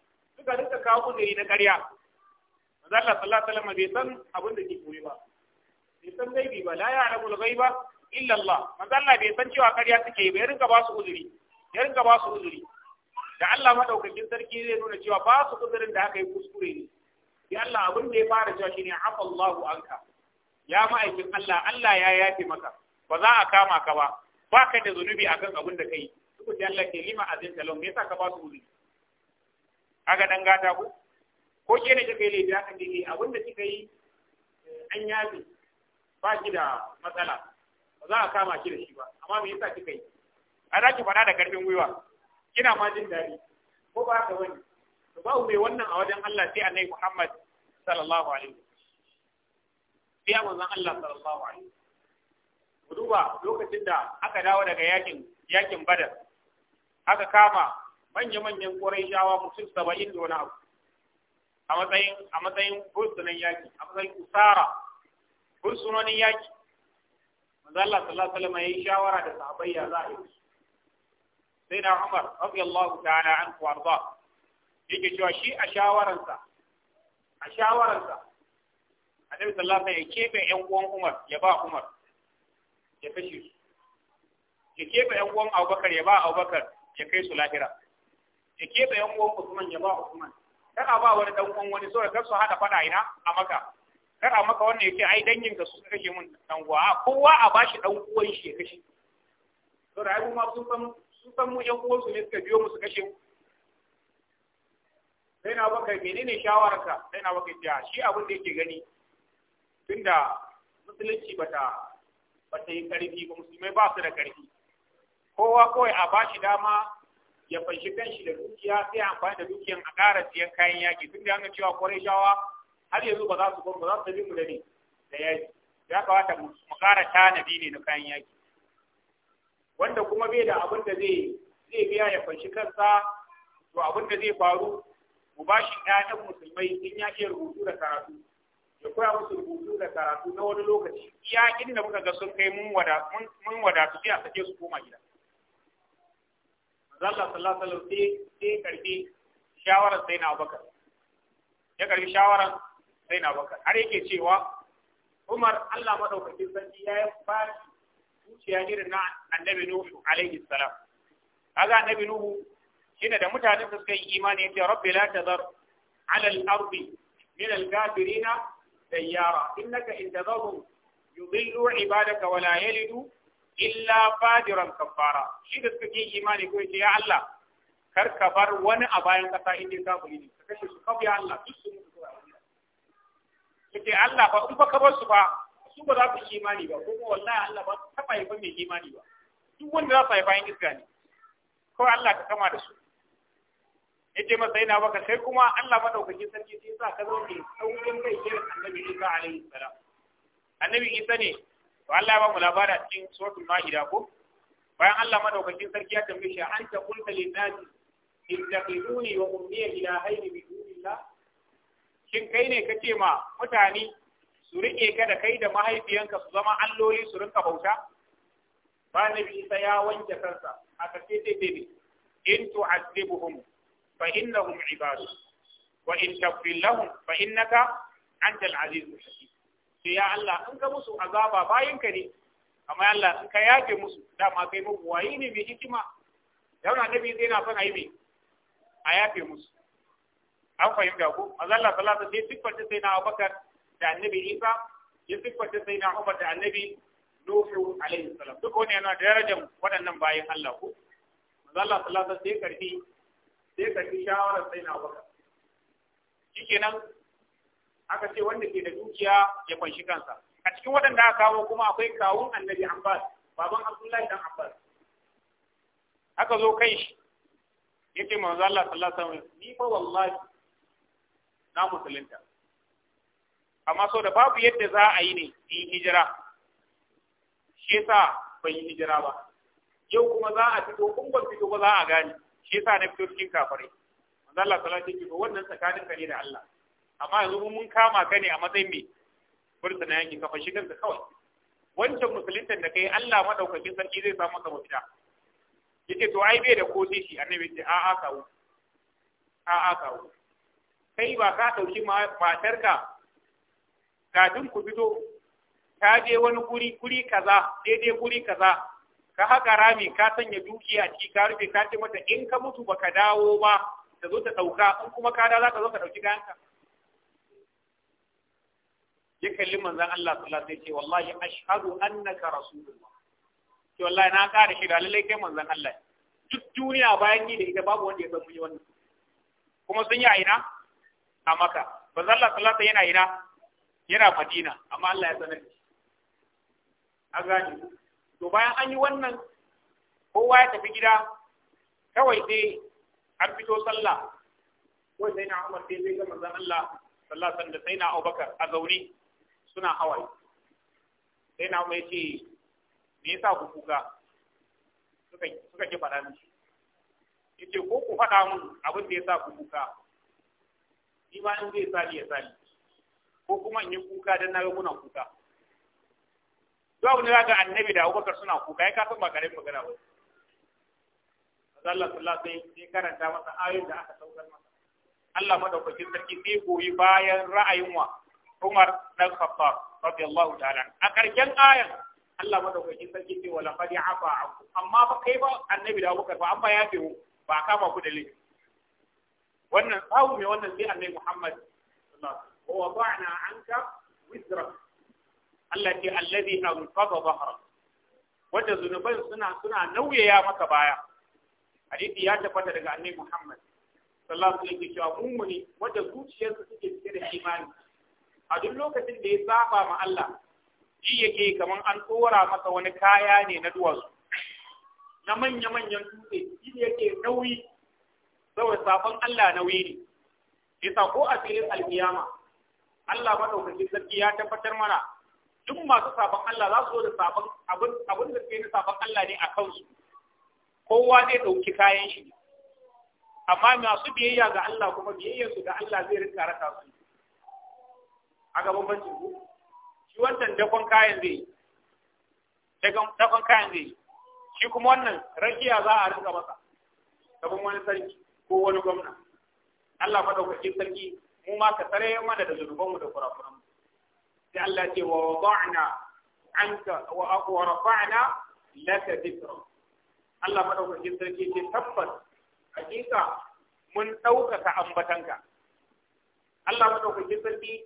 ka rinka kawo uzuri na ƙarya manzo Allah sallallahu alaihi wasallam bai san abin da ke koyi ba bai san gaibi ba la ya'lamul ghaiba illa Allah manzo Allah bai san cewa ƙarya suke yi ba ya rinka ba su uzuri ya rinka ba su uzuri da Allah madaukakin sarki zai nuna cewa ba su uzurin da aka yi kuskure ne ya Allah abin da ya fara cewa shine afa Allahu anka ya ma'aikin Allah Allah ya yafe maka ba za a kama ka ba ba ka da zunubi akan abin da kai duk da Allah ke lima azinta talon me yasa ka ba su uzuri aga dan gata ku ko ke ne kika yi laifi aka dake eh, abin da kika yi eh, an yafe ba ki da matsala ba za a kama ki da shi ba amma me yasa kika yi a za ki fara da karfin gwiwa kina ma jin daɗi ko ba ka wani to ba mai wannan a wajen Allah sai annabi Muhammad sallallahu alaihi sai a manzon Allah sallallahu alaihi duba lokacin da aka dawo daga yakin yakin Badar aka kama manya-manyan shawa mutum saba'in da wani abu a matsayin a matsayin bursunan yaki a matsayin usara bursunonin yaki manzo Allah sallallahu alaihi wasallam yayi shawara da sahabbai ya za a yi sai na Umar radiyallahu ta'ala anhu warda yake cewa shi a shawaransa a shawaransa annabi sallallahu alaihi wasallam ya kebe yan uwan Umar ya ba Umar ya kashe su ya kebe yan uwan Abubakar ya ba Abubakar ya kai su lahira Yake keɓe yan uwan Usman ya ba Usman kar a ba wani dan uwan wani saboda kar su hada fada ina a maka kar a maka wannan yake ai dangin ka su kashe mun dan uwa a kowa a bashi dan uwan shi ya kashe to da ai ma sun san sun san mu yan uwan su ne suka biyo mu su kashe mu sai na baka menene shawararka sai na baka ya shi abin da yake gani tunda musulunci bata bata yi karfi ba musulmai ba su da karfi kowa kawai a bashi dama ya fanshi kanshi da dukiya sai amfani da dukiyan a ƙara siyan kayan yaƙi duk da hanga cewa shawa har yanzu ba za su ba za su bi mu da ne da yaƙi ya kamata mu ƙara tanadi ne na kayan yaƙi wanda kuma bai da abin da zai zai biya ya fanshi kansa to abin da zai faru mu ba shi ɗayan musulmai in ya iya rubutu da karatu ya koya musu rubutu da karatu na wani lokaci iya inda muka ga sun kai mun wadatu sai a sake su koma gida zalla sallallahu alaihi sai ya karfi shawarar sai na Abubakar har yake cewa Umar Allah madaukakin sarki ya yi fari zuciya irin na annabi Nuhu alaihi salam kaga annabi Nuhu shine da mutanen da suka yi imani yace rabbi la tazar ala al-ardi min al-kafirina dayyara innaka in tadhurhum yudillu illa fajiran kafara shi da suka yi imani ko yace ya Allah kar ka bar wani a bayan kasa in dai kafiri ne ka kashe su kawai ya Allah duk su mutu yace Allah ba in ba ka bar su ba su ba za su yi imani ba ko wallahi Allah ba su taba yi ba mai imani ba duk wanda za su yi bayan iska ne ko Allah ka kama da su Ya yace masa yana baka sai kuma Allah madaukakin sarki sai sa ka zo ne saukin kai kiran annabi Isa alaihi salam annabi Isa ne to Allah ya ba mu labara cikin suratul maida ko bayan Allah madaukakin sarki ya tambaye shi an ta qulta lin nasi ittaqiduni wa ummi ilahaini bi dunillah shin kai ne kace ma mutane su riƙe ka da kai da mahaifiyanka su zama alloli su rinka bauta ba na bi isa ya wanke kansa a karshe sai sai ne in tu'azzibuhum fa innahum ibadu wa in taghfir lahum fa innaka antal azizul hakim sai ya Allah an ga musu azaba ka ne amma ya Allah ka yafe musu dama kai mabuwayi ne mai hikima yawan nabi zai na son a yi a yafe musu an fahimta ko azalla salata sai siffanta sai na abakar da annabi isa ya siffanta sai na umar da annabi nuhu alaihi salam Duk wani yana darajar waɗannan bayan Allah ko azalla salatu sai karfi sai karfi shawarar sai na abakar shikenan aka ce wanda ke da dukiya ya kwanshi kansa a cikin waɗanda aka kawo kuma akwai kawun annabi abbas baban abdullahi dan abbas aka zo kai shi yace manzo Allah sallallahu alaihi wasallam ni fa wallahi na musulunta amma so da babu yadda za a yi ne in hijira shi yasa ban yi hijira ba yau kuma za a fito kun ban fito ba za a gane shi yasa na fito cikin kafare manzo Allah sallallahu alaihi wasallam wannan tsakanin ne da Allah amma yanzu mun kama ka ne a matsayin mai na yanki ka fashi kanka kawai wancan musuluntan da kai Allah madaukakin sarki zai samu ka mutuwa yace to ai bai da ko sai shi annabi ce a a kawo a a kawo kai ba ka dauki matarka kafin ku fito ka je wani guri guri kaza daidai guri kaza ka haka rami ka sanya dukiya ciki ka rufe ka ce mata in ka mutu baka dawo ba ta zo ta dauka in kuma ka da za ka zo ka dauki kayanka ya kalli manzan Allah sallallahu alaihi wasallam wallahi ashhadu annaka rasulullah to wallahi na shi da lalle kai manzan Allah duk duniya bayan ni da ita babu wanda ya san yi wannan kuma sun yi a ina a maka manzan Allah sallallahu alaihi yana ina yana Madina amma Allah ya sanar da shi a gani to bayan an yi wannan kowa ya tafi gida kawai sai an fito sallah kawai sai na Umar sai zai ga manzon Allah sallallahu alaihi wasallam sai na Abubakar a zaune suna hawaye sai na mai ce me yasa ku kuka suka suka ki faɗa min yace ko ku faɗa mun abin da yasa ku kuka ni ma in zai sali ya sali ko kuma in yi kuka dan na ga kuna kuka duk abin da ga annabi da Abubakar suna kuka ya kasan ba kare magana ba Allah sallallahu alaihi sai karanta masa ayoyin da aka saukar masa Allah madaukakin sarki sai koyi bayan ra'ayin wa Umar dan Khattab radiyallahu ta'ala a karshen ayan Allah madaukakin sarki ce wala qad afa anku amma ba kai ba annabi da Abubakar ba an ba yafe mu ba kama ku da wannan tsawo mai wannan sai annabi Muhammad sallallahu alaihi wasallam wa wada'na anka wizra Allah ce allazi anqadha dhahrak wanda zunuban suna suna nauyaya maka baya hadisi ya tabbata daga annabi Muhammad sallallahu alaihi wasallam cewa mummuni wanda zuciyarsa suke cike da imani a duk lokacin da ya saba ma Allah ji yake kaman an tsora masa wani kaya ne na duwatsu na manya-manyan dutse ji yake nauyi saboda sabon Allah nauyi ne bisa ko a filin alkiyama Allah madaukakin sarki ya tabbatar mana duk masu sabon Allah za su zo da sabon abin abin da ke na sabon Allah ne a kansu kowa zai ɗauki kayan shi amma masu biyayya ga Allah kuma biyayyarsu ga Allah zai rinka rasa su aga bambancin ku shi wannan dakon kayan zai dakon kayan zai shi kuma wannan rakiya za a rinka masa gaban wani sarki ko wani gwamna Allah madaukakin sarki mu ma ka tare mana da zunubanmu da mu sai Allah ce wa wada'na anka wa aqwa rafa'na laka dhikra Allah madaukakin sarki ce tabbas hakika mun ɗaukaka ambatanka Allah madaukakin sarki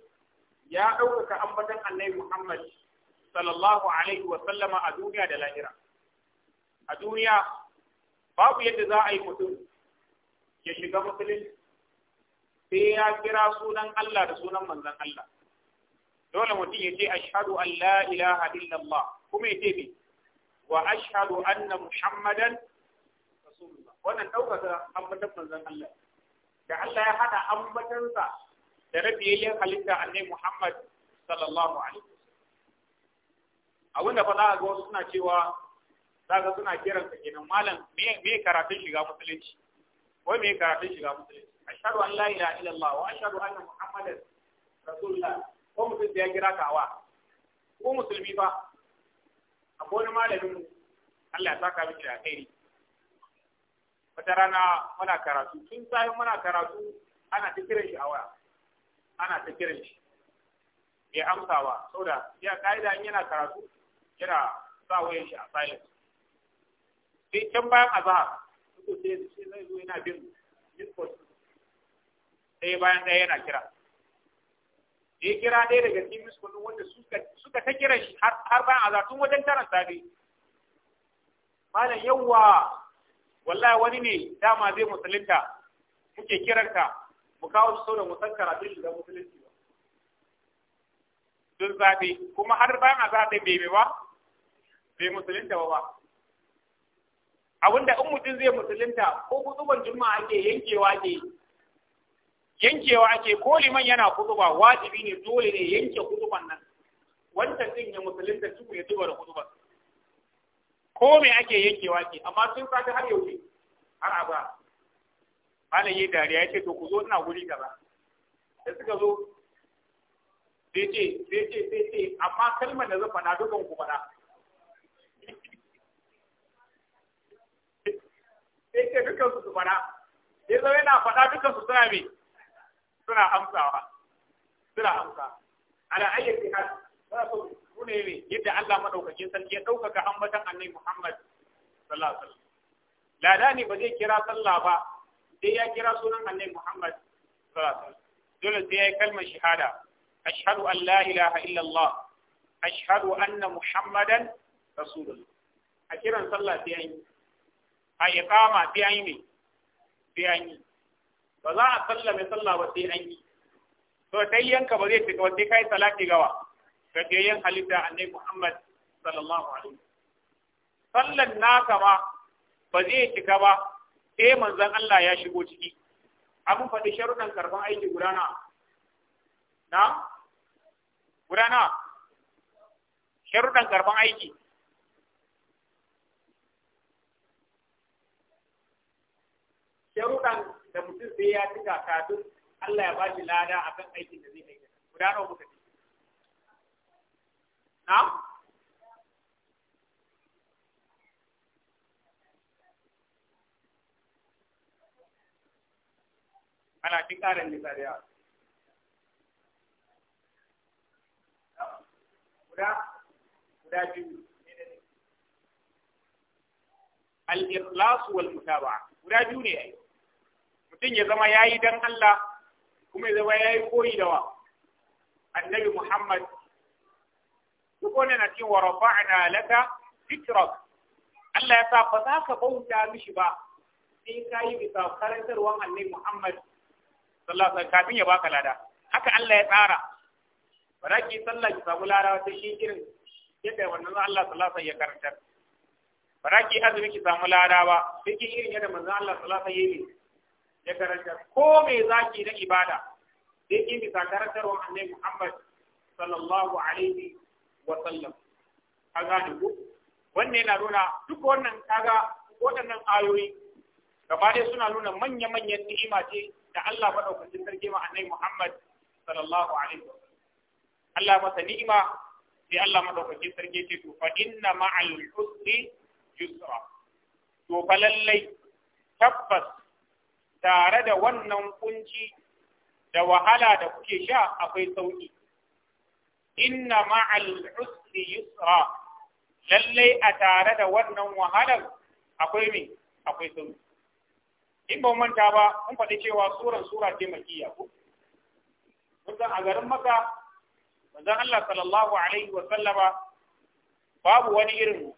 ya ɗaukaka ambatan annabi Muhammad sallallahu alaihi wa sallama a duniya da lahira a duniya babu yadda za a yi mutum ya shiga musulun sai ya kira sunan Allah da sunan manzan Allah dole mutum ya ce ashhadu an la ilaha illallah kuma ya ce me wa ashhadu anna muhammadan rasulullah wannan ɗaukaka ambatan manzan Allah da Allah ya hada ambatansa da na halitta annabi Muhammad sallallahu alaihi abin da fa za ga wasu suna cewa za ga suna kiran sa kenan malam me karatun shiga musulunci wai me karatun shiga musulunci ashhadu an la ilaha illallah wa ashhadu anna muhammadan rasulullah ko mutum ya kira ka wa ko musulmi ba akwai wani malamin Allah ya saka miki da kai wata rana muna karatu tun sai muna karatu ana tikirin shi a waya ana ta kiran shi bai amsawa saboda ya ka'ida in yana karatu yana sa wayan shi a silence sai can bayan azhar duk sai sai zai zo yana bin discourse sai bayan ɗaya yana kira ya kira ɗaya daga cikin miskulu wanda suka ta kiran shi har bayan azhar tun wajen taron safe malam yawwa wallahi wani ne dama zai musulunta kuke kiranta mu kawo shi saboda mu san karatun shi da musulunci ba duk zaɓe kuma har bayan a zaɓe bai bai ba bai musulunta ba ba abinda in mutum zai musulunta ko kutuban juma'a ake yankewa ke yankewa ake ko liman yana kutuba wajibi ne dole ne yanke kutuban nan wancan din ya musulunta su ya zuba da kutuban ko me ake yankewa ke amma sun sata har yaushe har a ba malam yayi dariya ya ce to ku zo ina guri gaba da suka zo sai ce sai ce sai ce amma kalmar da zafa na dukan ku faɗa sai ce dukan su su faɗa sai zo yana faɗa dukan su suna me suna amsawa suna amsa ala ayyati ha suna so ne ne yadda Allah madaukakin sarki ya ɗaukaka ambatan annabi Muhammad sallallahu alaihi wasallam ladani ba zai kira sallah ba sai ya kira sunan annabi Muhammad sallallahu dole sai ya yi kalmar shahada ashhadu an la ilaha illallah ashhadu anna muhammadan rasulullah a kiran sallah sai an yi a iqama sai an yi ne sai an ba za a sallame sallah ba sai an yi to dai yanka ba zai cika ba sai kai salati gawa ga dayyan halitta annabi Muhammad sallallahu alaihi sallan naka ma ba zai cika ba e eh, manzan Allah ya shigo ciki abun faɗi sharuɗan karban aiki gudana na gudana sharuɗan karban aiki sharuɗan da mutum sai ya cika kafin Allah ya bashi lada akan aikin da zai aikata gudana kuka ci na ana cin ƙarin nisa da yawa guda guda biyu al-ikhlas wal mutaba'a guda biyu ne yayi mutum ya zama ya yi dan Allah kuma ya zama ya yi koyi da wa annabi Muhammad duk wannan na cewa rafa'na laka fikrak Allah ya sa ba za ka bauta mishi ba sai ka yi bisa karantarwan annabi Muhammad sallallahu alaihi kafin ya baka lada haka Allah ya tsara ba za ki sallah ki samu lada wata shi irin yadda wannan Allah sallallahu alaihi ya karanta. ba za ki azumi ki samu lada ba sai ki irin yadda manzon Allah sallallahu alaihi ya karanta. ko me za ki na ibada sai ki bisa karantarwar annabi Muhammad sallallahu alaihi wa sallam an gane ku wannan yana nuna duk wannan kaga waɗannan ayoyi gaba dai suna nuna manya-manyan ni'ima ce da Allah maɗaukacin sarki ma annabi Muhammad sallallahu alaihi wa Allah masa ni'ima sai Allah maɗaukacin sarki ce to fa inna ma'al usri yusra to fa lallai tabbas tare da wannan kunci da wahala da kuke sha akwai sauki inna ma'al usri yusra lallai a tare da wannan wahalar akwai me akwai sauki in ba manta ba mun faɗi cewa suran sura ce makiyya ko san a garin maka manzon Allah sallallahu alaihi wa sallama babu wani irin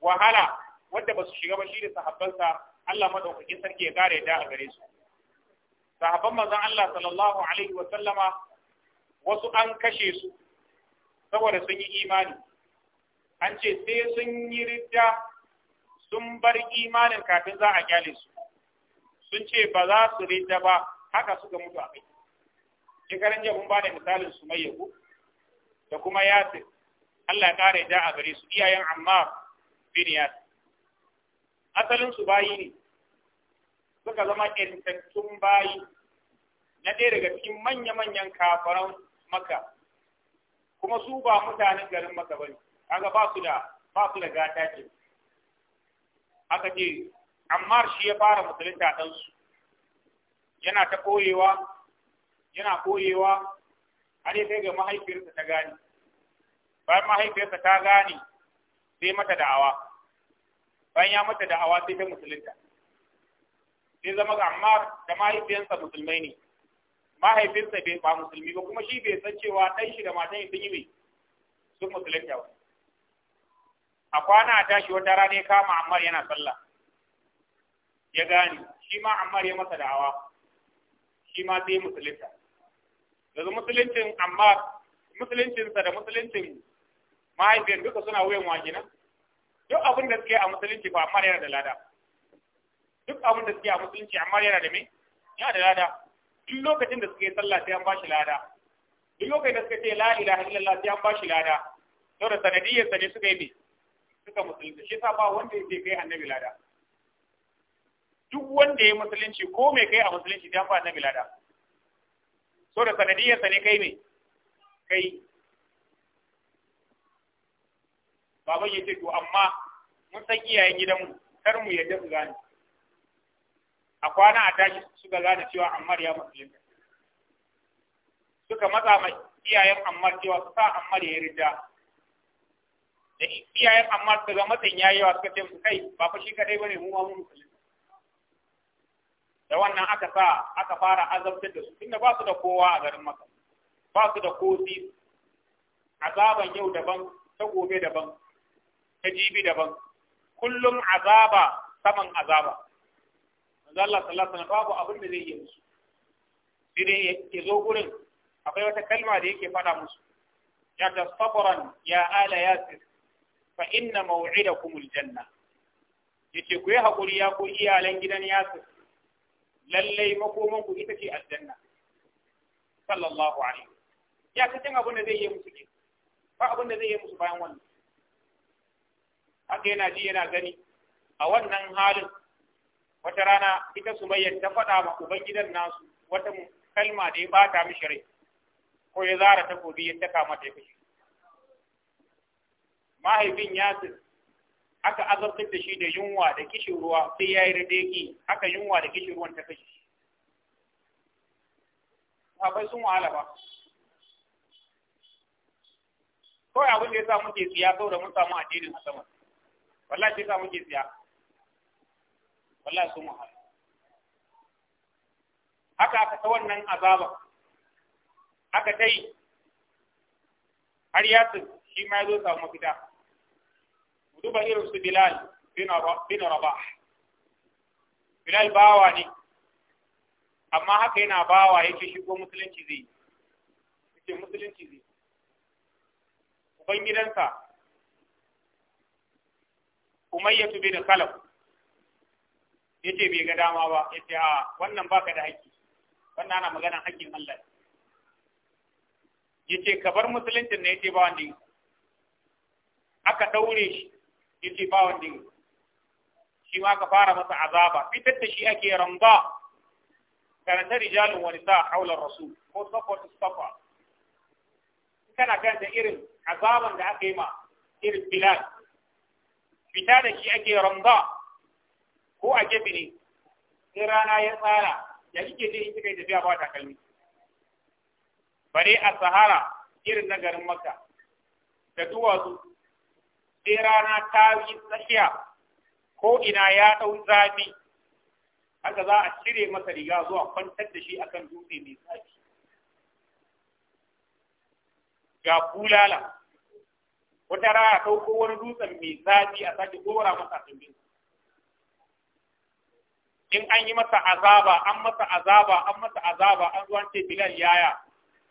wahala wanda ba su shiga ba shi da sahabbansa Allah madaukakin sarki ya kare da a gare su sahabban manzon Allah sallallahu alaihi wa sallama wasu an kashe su saboda sun yi imani an ce sai sun yi ridda sun bar imanin kafin za a kyale su sun ce ba za su rinda ba haka suka mutu a kai shekaran jiya mun bada misalin su yabo da kuma yasir Allah ya kare da a gare su iyayen amma bin yasir asalin su bayi ne suka zama ƴantattun bayi na ɗaya daga cikin manya-manyan kafaran maka kuma su ba mutanen garin maka bane kaga ba su da ba su da gata ce aka ce ammar shi ya fara musulunta ɗansu yana ta koyewa yana koyewa har sai ga mahaifiyarsa ta gane bayan mahaifiyarsa ta gane sai mata da'awa bayan ya mata da'awa sai ta musulunta sai zama ga ammar da mahaifiyarsa musulmai ne mahaifinsa bai ba musulmi ba kuma shi bai san cewa ɗan shi da matan sun yi mai sun musulunta ba a kwana a tashi wata rana ya kama ammar yana sallah ya gane shi ma ammar ya masa da'awa shi ma sai musulunta daga musuluncin ammar musuluncinsa da musuluncin mahaifiyar duka suna wuyan wa kenan duk abin da suke a musulunci ba ammar yana da lada duk abin da suke a musulunci ammar yana da me yana da lada duk lokacin da suke sallah sai an ba shi lada duk lokacin da suka ce la ilaha illallah sai an ba shi lada saboda sanadiyyar sa ne suka yi me suka musulunta shi sa ba wanda ya ce kai annabi lada duk wanda ya musulunci ko mai kai a musulunci ta fa annabi lada so da sanadiyar sa ne kai ne kai baba yace to amma mun san iyayen gidanmu kar mu yadda su gane a kwana a tashi suka gane cewa Ammar ya musulunta suka matsa mai iyayen Ammar cewa su sa Ammar ya rida da iyayen Ammar suka ga matsin yayi yawa suka ce kai ba fa shi kadai bane mu ma mu musulunta da wannan aka sa aka fara azabtar da su tunda ba su da kowa a garin maka ba su da kosi azaban yau daban ta gobe daban ta jibi daban kullum azaba saman azaba manzo Allah sallallahu alaihi wasallam babu abin da zai yi musu sai ya zo gurin akwai wata kalma da yake fada musu ya tasabran ya ala yasir fa inna maw'idakum aljanna yace ku yi hakuri ya ku iyalan gidan yasir lallai makoman ku ita ce aljanna sallallahu alaihi ya kace abin da zai yi musu ke ba abin da zai yi musu bayan wannan haka yana ji yana gani a wannan halin wata rana ita sumayya ta faɗa ma uban gidan nasu wata kalma da ya bata mishi rai ko ya zara takobi ya taka mata ya kashe mahaifin yasir aka azabtar da shi da yunwa da kishin ruwa sai ya yi radeki haka yunwa da kishin ruwan ta kashe shi sahabbai sun wahala ba kawai abin da ya sa muke siya da mun samu addinin a sama wallahi ya sa muke siya wallahi sun wahala haka aka ta wannan azaba haka ta yi har ya shi ma ya zo samu mafita duba irin su bilal bin rabah bilal bawa ne amma haka yana bawa yake shigo musulunci zai yake musulunci zai ubangidansa umayyatu bin Ya ce bai ga dama ba yace a wannan baka da haƙƙi wannan ana maganan haƙƙin Allah Yake ka bar musuluncin ne yace ba wanda aka daure shi yace ba wanda shi ma ka fara masa azaba fitar da shi ake ramba ta rijalun wani sa haular rasul ko safa safa kana karanta irin azaban da aka yi ma irin bilal fita da shi ake ramba ko a gefe ne sai rana ya tsara ya kike je in kika yi tafiya ba takalmi bare a sahara irin na garin makka da duwatsu sai rana ta yi tsakiya ko ina ya ɗau zafi haka za a cire masa riga zuwa kwantar da shi akan dutse mai zafi ga bulala wata rana ko wani dutsen mai zafi a sake dora masa tumbin in an yi masa azaba an masa azaba an masa azaba an zuwa ce bilal yaya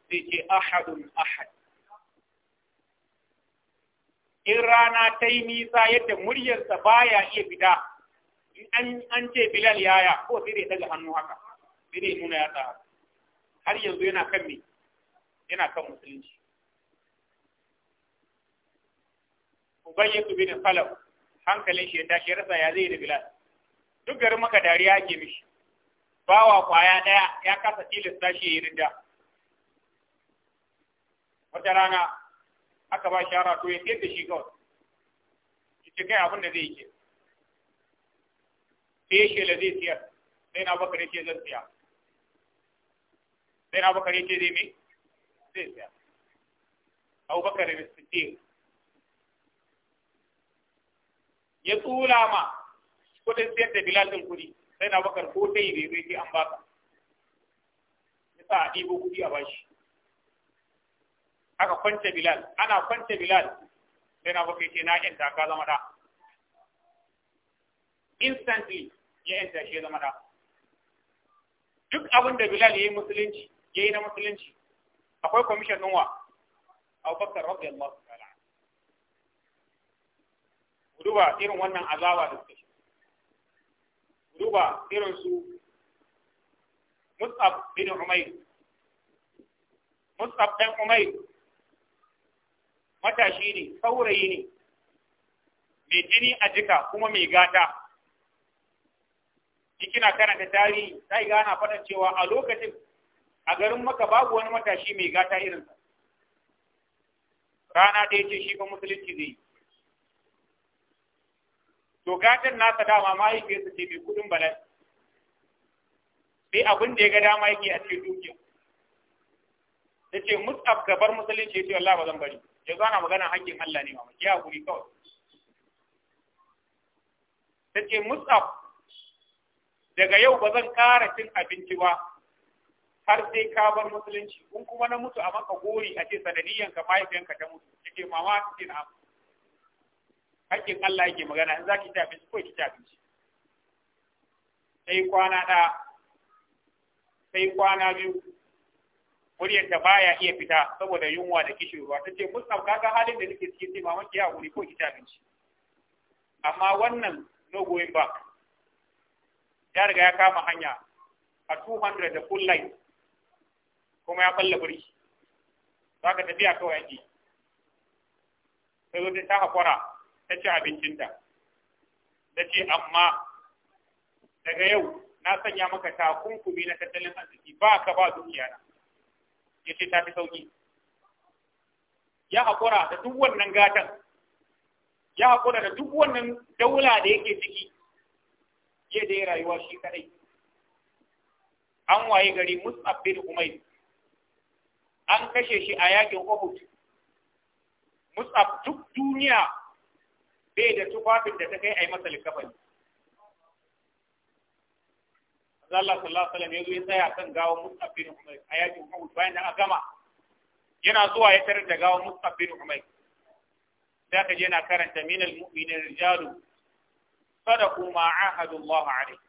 sai ce ahadun ahad in rana ta yi nisa yadda muryarsa baya iya fita in an ce bilal yaya ko sai dai daga hannu haka sai dai nuna ya tsara har yanzu yana kan me yana kan musulunci ya su da falau hankalin shi ya tashi ya rasa ya zai da bilal duk garin maka dariya ake mishi bawa kwaya daya ya kasa tilasta shi ya yi rinda wata rana aka ba shara to ya sayar da shi kawai ita kai abin da zai yi sai ya shela zai siyar sai na bakar ce zai siya sai na bakar ce zai mai zai siya bakar da ce ya tsula ma kudin siyar da din kudi sai na bakar ko sai bai zai ce an baka ya sa a ɗibo kudi a bashi aka kwance bilal ana kwance bilal sai na bakai ce na yanta ka zama da instantly ya yanta shi zama da duk abin da bilal ya yi musulunci ya yi na musulunci akwai kwamishin nunwa abubakar rabbi allah su ta'ala duba irin wannan azaba da suke duba irin su mus'ab bin Umayr. mus'ab dan Umayr matashi ne saurayi ne mai jini a jika kuma mai gata in kina karanta tarihi sai ga ana faɗa cewa a lokacin a garin maka babu wani matashi mai gata irinsa rana ɗaya ce shi ba musulunci zai yi to gatan nasa dama mahaifiyarsa ce mai kudin balai sai abin da ya ga dama yake a cikin dukiya ta ce mus'ab gabar musulunci ya ce Allah ba zan bari yanzu ana magana hakkin Allah ne mama ki hakuri kawai tace mus'ab daga yau ba zan ƙara cin abinci ba har sai ka bar musulunci in kuma na mutu a maka gori a ce sanadiyan ka ka ta mutu take mama ta na hakkin Allah yake magana in zaki ci abinci ko ki ci abinci sai kwana ɗaya sai kwana biyu muryarta baya iya fita saboda yunwa da kishirwa ta ce musam kaga halin da nake cikin cewa maki ya guri ko ita abinci amma wannan no going back ya riga ya kama hanya a 200 da full line kuma ya falla buri za ka tafiya kawai yaki sai zo ta haƙura ta ci abincinta ta ce amma daga yau na sanya maka takunkumi na tattalin arziki ba ka ba dukiya na ya ce ta fi sauki ya haƙura da duk wannan gatan ya haƙura da duk wannan daula da yake ciki ya da ya rayuwa shi kadai an waye gari mus'ab bin an kashe shi a yakin uhud mus'ab duk duniya bai da tufafin da ta kai a ai masa likafani Allah sallallahu alaihi wasallam ya zo ya tsaya kan gawan Mus'ab bin Umayr a yakin Uhud bayan da gama yana zuwa ya tarar da gawan Mus'ab bin Umayr sai aka je yana karanta min al-mu'minin rijalu sadaqu ma ahadu Allah alaihi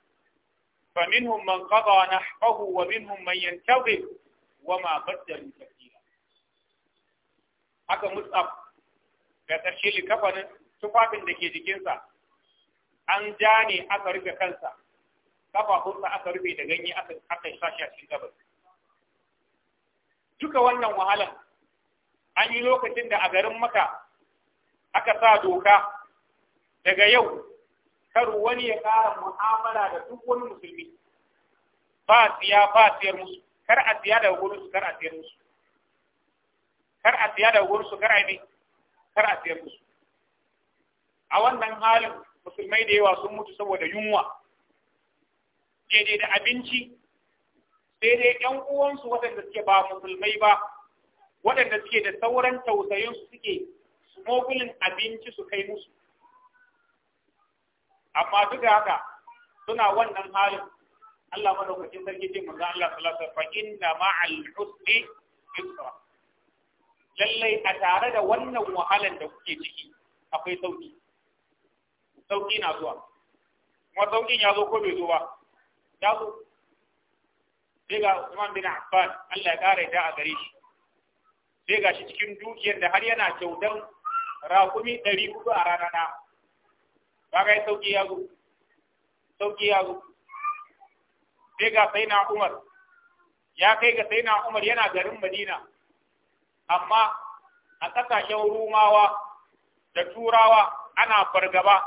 فمنهم من قضى نحبه ومنهم من wa ma بدلوا تبديلا haka Mus'ab da ƙarshe likafanin tufafin da ke jikinsa an ja ne aka rufe kansa hunsa aka rufe da ganye aka aka sashi a cikin gabas duka wannan wahalan an yi lokacin da a garin maka aka sa doka daga yau kar wani ya ƙara mu'amala da duk wani musulmi ba siya ba siyar musu kar a siya da gurin su kar a siyar musu kar a siya da gurin su kar a ne kar a siyar musu a wannan halin musulmai da yawa sun mutu saboda yunwa daidai da abinci sai dai ‘yan uwansu waɗanda suke ba musulmai ba waɗanda suke da sauran tausayin su suke smogulin abinci su kai musu amma duk da haka suna wannan halin Allah madaukakin sarki ce manzo Allah sallallahu alaihi wasallam inna ma'al husni yusra lallai a tare da wannan wahalan da kuke ciki akwai sauki sauki na zuwa kuma saukin ya zo ko bai zo ba ya zo sai ga Usman bin Affan Allah ya ƙara ita a gare shi sai ga shi cikin dukiyar da har yana kyautar rakumi ɗari hudu a rana na ba ga sauƙi ya zo Sauƙi ya zo sai ga sai na Umar ya kai ga sai na Umar yana garin Madina amma a ƙasashen Rumawa da Turawa ana fargaba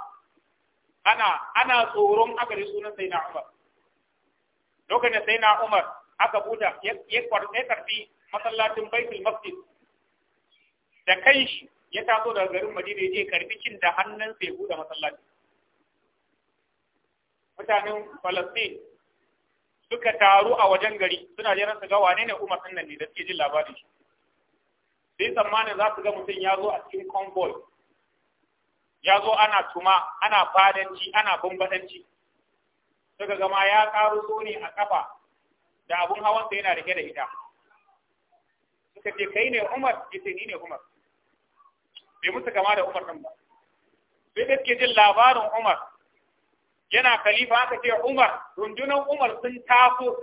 ana ana tsoron aka sunan sai na Umar lokacin da sai na umar aka buta ya karfi masallacin baitul masjid da kai shi ya taso daga garin madina ya je karfi cin da hannun sai buɗe masallaci mutanen falastin suka taru a wajen gari suna jira su ga wane ne umar sannan ne da suke jin labarin shi sai tsammanin za su ga mutum ya zo a cikin convoy ya zo ana tuma ana fadanci ana bambadanci suka gama ya karu so ne a kafa da abun hawansa yana rike da ita suka ce kai ne umar ita ni ne umar bai musu kama da umar nan ba sai da suke jin labarin umar yana kalifa haka ce umar rundunar umar sun taso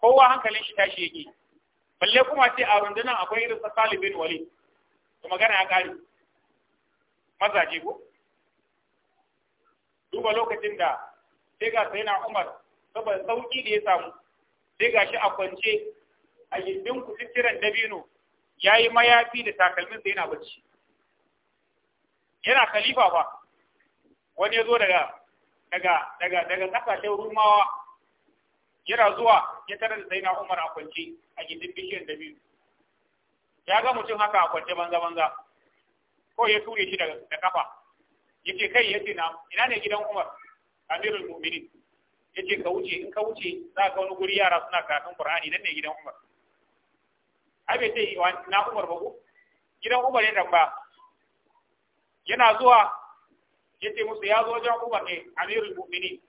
kowa hankalin shi tashi yake balle kuma ce a rundunar akwai irin sa salibin bin Walid to magana ya kare mazaje ko duba lokacin da sai ga sai na umar saboda sauki da ya samu sai ga shi a kwance a gindin kututturen dabino ya yi mayafi da takalminsa yana bacci yana khalifa ba. wani ya zo daga daga daga daga kasashen rumawa yana zuwa ya tarar da sayyidina Umar a kwance a gindin bishiyar da biyu ya ga mutum haka a kwance banza banza ko ya ture shi da kafa yake kai ce na ina ne gidan Umar amirul mu'minin yace ka wuce in ka wuce za ka wani guri yara suna karatun qur'ani nan ne gidan umar ai bai ce na umar ba ko gidan umar ya ba yana zuwa yace musu ya zo wajen umar ne amirul mu'minin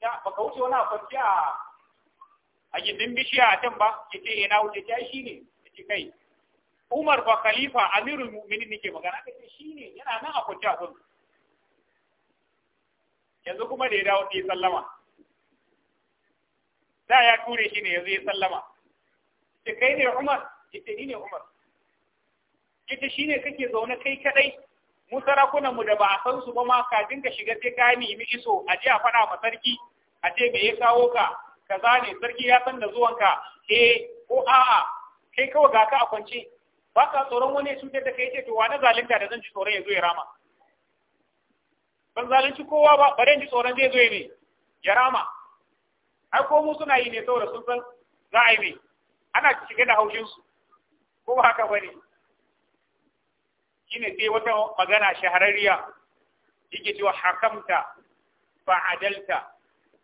ba ka wuce wani afarki a a gindin bishiya a can ba yace ina eh, wuce ta shi ne yace kai umar ba khalifa amirul mu'minin nake magana kace shi ne yana nan a kwanciya a gurin yanzu kuma da ya dawo sai sallama da ya ture shi ne yanzu ya sallama ce kai ne Umar ita ni ne Umar ita shine kake zaune kai kadai mu sarakunan mu da ba a san su ba ma ka dinga shiga sai ka nemi iso a je a faɗa ma sarki a ce me ya kawo ka kaza ne sarki ya san da zuwanka eh ko a'a kai kawai ga ka a kwance ba ka tsoron wani cutar da kai ce to wani zalunta da zan ji tsoron ya zo ya rama ban zalunci kowa ba bare ji tsoron zai zo ne ya rama ai ko mu suna yi ne saboda sun san za a yi ne ana cike da haushin su ko ba haka bane shine sai wata magana shahararriya yake cewa hakamta fa adalta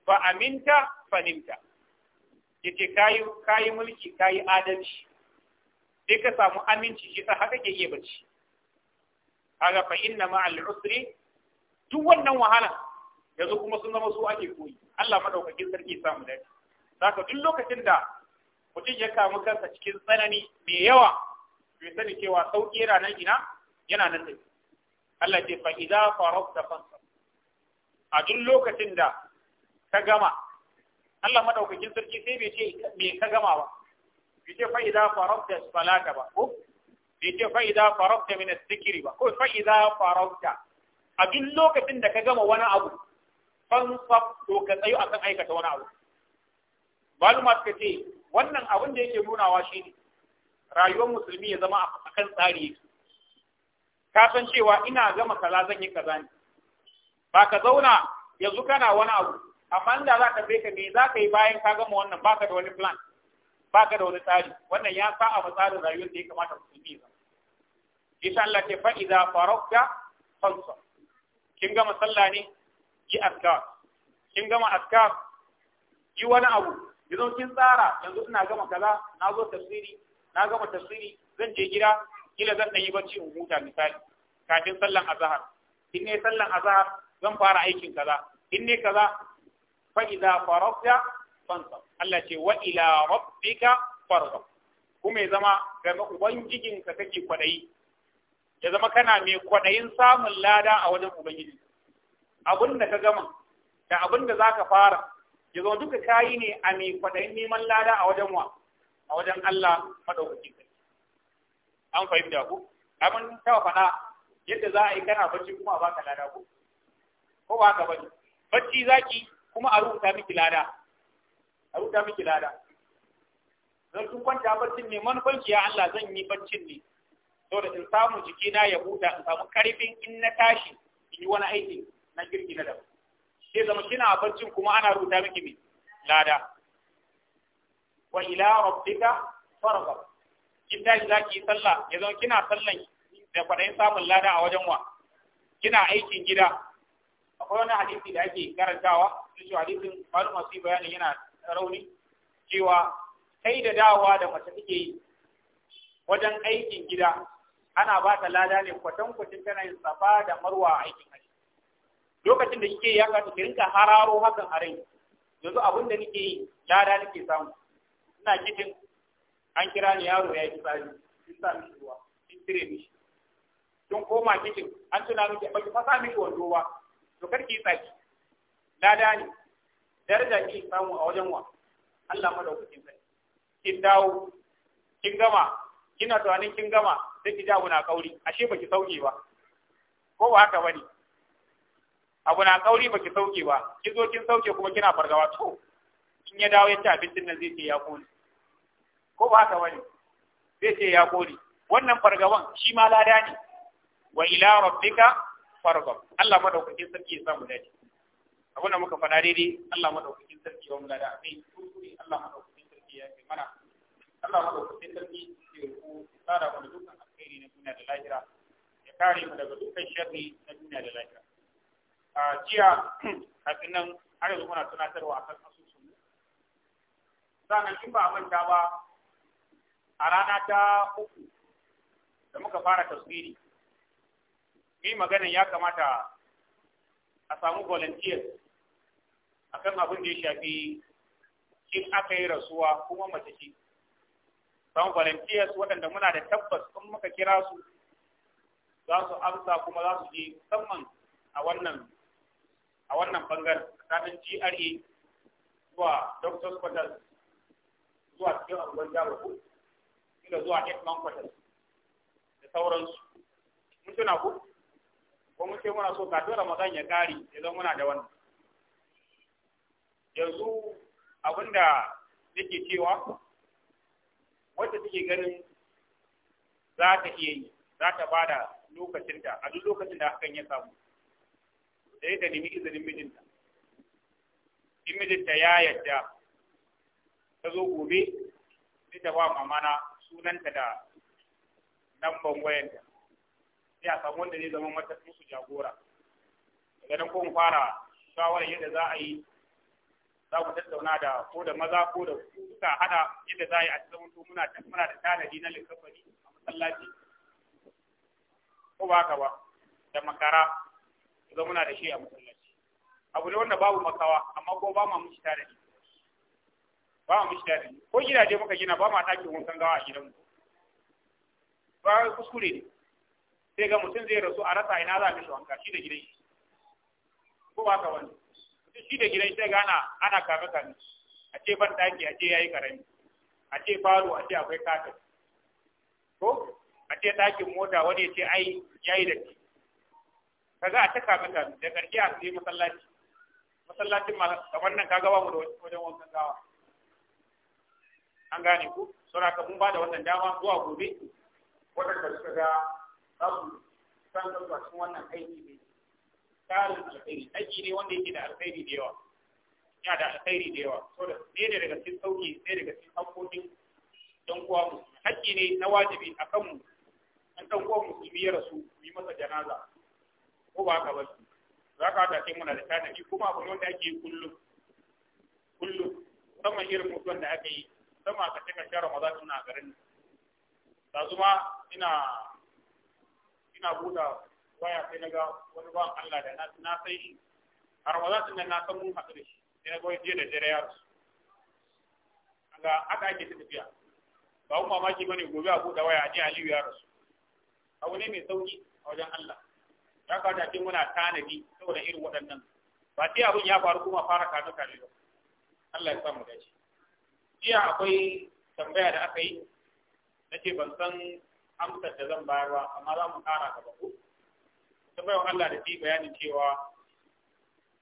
fa aminta fa nimta yace kayi kayi mulki kayi adalci sai ka samu aminci shi sa haka ke iya bacci kaga fa inna al usri duk wannan wahala yanzu kuma sun zama su ake koyi Allah madaukakin sarki ya samu dai saka duk lokacin da mutum ya kamu kansa cikin tsanani mai yawa bai sani cewa sauki yana nan ina yana nan tafi Allah ce fa idza faragta fansa a duk lokacin da ka gama Allah madaukakin sarki sai bai ce me ka gama ba bai ce fa idza faragta salata ba ko bai ce fa idza faragta min az-zikri ba ko fa idza faragta a duk lokacin da ka gama wani abu fansaf to ka tsayo akan aikata wani abu maluma suka ce wannan abin da yake nunawa shi ne rayuwar musulmi ya zama a kan tsari yake ka san cewa ina gama kaza zan yi kaza ne ba ka zauna yanzu kana wani abu amma inda za ka sai ka me za ka yi bayan ka gama wannan ba ka da wani plan ka da wani tsari wannan ya sa a tsarin rayuwar da ya kamata musulmi ya zama. Isha Allah ke fa'iza farauta fansa. kin gama sallah ne yi askar kin gama askar yi wani abu yanzu kin tsara yanzu ina gama kaza na zo tafsiri na gama tafsiri zan je gida kila zan dan yi bacci in huta misali kafin sallan azahar in ne sallan azahar zan fara aikin kaza in ne kaza fa idza farafta fansa Allah ce wa ila rabbika farghab kuma ya zama ga ubangijinka kake kwadayi ya zama kana mai kwanayin samun lada a wajen ubangiji abin da ka gama da abin da za ka fara ya zama duka kayi ne a mai kwanayin neman lada a wajen wa a wajen Allah maɗaukaki. kai an fahimta ku abin ta faɗa yadda za a yi kana bacci kuma a baka lada ko ko ba ka bane bacci ki kuma a rubuta miki lada a rubuta miki lada zan kun kwanta baccin ne manufanki ya Allah zan yi baccin ne saboda in samu jikina ya huta in samu karfin in na tashi in yi wani aiki na girki na daban sai zama kina barcin kuma ana rubuta miki mai lada wa ila rabbika farqa kin tashi zaki yi sallah ya zama kina sallan da kwadayin samun lada a wajen wa kina aikin gida akwai wani hadisi da ake karantawa shi hadisin malum masu bayanin yana rauni cewa kai da dawa da mace take yi wajen aikin gida ana ba ta lada ne kwatankwacin tana yin safa da marwa a aikin hajji lokacin da kike ya ka ki rinka hararo hakan a rai yanzu abin da nake yi lada nake samu ina kitin an kira ni yaro ya yi tsari, in sa mishi ruwa in cire mishi tun koma kitin an tuna miki ba ki fasa miki wando ba to kar ki tsaki lada ne daraja ki samu a wajen wa Allah madaukakin sai. kin dawo kin gama kina tunanin kin gama sai ki ji abu na kauri ashe baki sauke ba ko ba haka bane abu na kauri baki sauke ba ki zo kin sauke kuma kina fargawa to in ya dawo ya ci abincin nan zai ce ya koli ko ba haka bane zai ce ya koli wannan fargawan shi ma lada ne wa ila rabbika farghab Allah madaukakin sarki ya samu dace abin da muka faɗa daidai Allah madaukakin sarki ya wa mulada akai kuskure Allah madaukakin sarki ya kai mana Allah madaukakin sarki ya ku tsara wani dukkan duniya da lahira ya kare mu daga dukkan sharri na duniya da lahira a jiya kafin nan har yanzu muna tunatarwa a kan asusun mu sannan in ba a manta ba a rana ta uku da muka fara tasiri ni magana ya kamata a samu a akan abin da ya shafi in aka yi rasuwa kuma mace ce samu volunteers waɗanda muna da tabbas kun muka kira su za su amsa kuma za su je musamman a wannan a wannan bangar tsakanin GRA zuwa Doctors Quarters zuwa cikin abubuwan jihar ku inda zuwa Edmond Quarters da sauransu mun tuna ku ko mun ce muna so ka dora Ramadan ya kare idan muna da wannan yanzu abinda nake cewa wacce take ganin za ta iya yi za ta ba da lokacinta a duk lokacin da hakan ya samu sai ta nemi izinin mijinta in mijinta ya yadda ta zo gobe sai ta ba mamana sunanta da lambar wayanta sai a samu wanda zai zama mata musu jagora daga nan ko mu fara shawarar yadda za a yi za ku tattauna da ko da maza ko da suka hada yadda za a yi a cikin mutu muna muna da tanadi na likafari a masallaci ko ba haka ba da makara zama muna da shi a masallaci abu ne wanda babu makawa amma ko ba ma shi tanadi ba ma shi tanadi ko gidaje muka gina ba ma ɗakin wankan gawa a gidan mu ba kuskure ne sai ga mutum zai rasu a rasa ina za a mishi wanka shi da gidan shi ko ba haka wani shi da gidan shi gana ana kame kame a ce ban daki a ce yayi karami a ce falo a ce akwai kafin ko a ce dakin mota wani ya ce ai yayi da shi kaga a ta kame kame da karki a sai masallaci masallacin ma da wannan kaga ba mu da wajen wankan gawa an gane ku saboda ka mun ba da wannan dama zuwa gobe da suka ga za su san cikin wannan aiki ne tsarin alkhairi aiki ne wanda yake da alkhairi da yawa ya da alkhairi da yawa so da ɗaya daga cikin sauki ɗaya daga cikin hankokin dan kuwa musulmi hakki ne na wajibi a kanmu an dan kuwa musulmi ya rasu mu yi masa janaza ko ba haka ba za ka hada muna da tanadi kuma abu ne wanda ake kullum kullum musamman irin mutuwan da aka yi musamman a kashe kashe ramadan suna a garin ta zuma ina ina buɗa waya sai na ga wani ba Allah da na san shi ba za su nan na san mun haɗu da shi sai na ga wani da dare ya rasu ga haka ake ta tafiya ba kuma mamaki bane gobe a buɗe waya a ji Aliyu ya rasu abu ne mai sauki a wajen Allah ya kawata ce muna tanadi saboda irin waɗannan ba sai abin ya faru kuma fara kanu kare ba Allah ya samu dace jiya akwai tambaya da aka yi na ce ban san amsar da zan bayarwa, amma za mu kara ba ku ta bayan Allah da ta yi bayanin cewa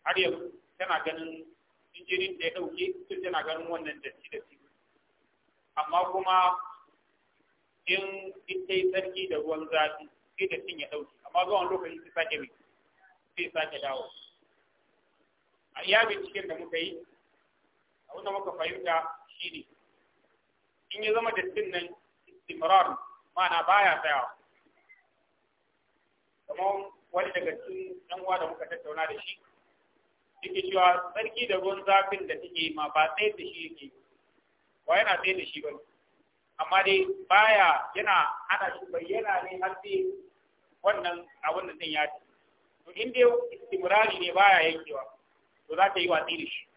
har yanzu tana ganin injirin da ya ɗauke su tana ganin wannan datti da amma kuma in ita yi sarki da ruwan zafi sai da ya ɗauke amma zuwa wani lokaci su sake mai sai sake dawo a iya binciken da muka yi a wanda muka fahimta shi ne in ya zama dattin nan istimrar ma'ana baya tsayawa kamar wani daga cikin ɗan uwa da muka tattauna da shi yake cewa tsarki da ruwan zafin da take ma ba tsaye da shi yake ba yana tsaye da shi ba amma dai baya yana hana shi bayyana ne har sai wannan abin da din ya ci to in dai istimrari ne baya yankewa to za ta yi watsi da shi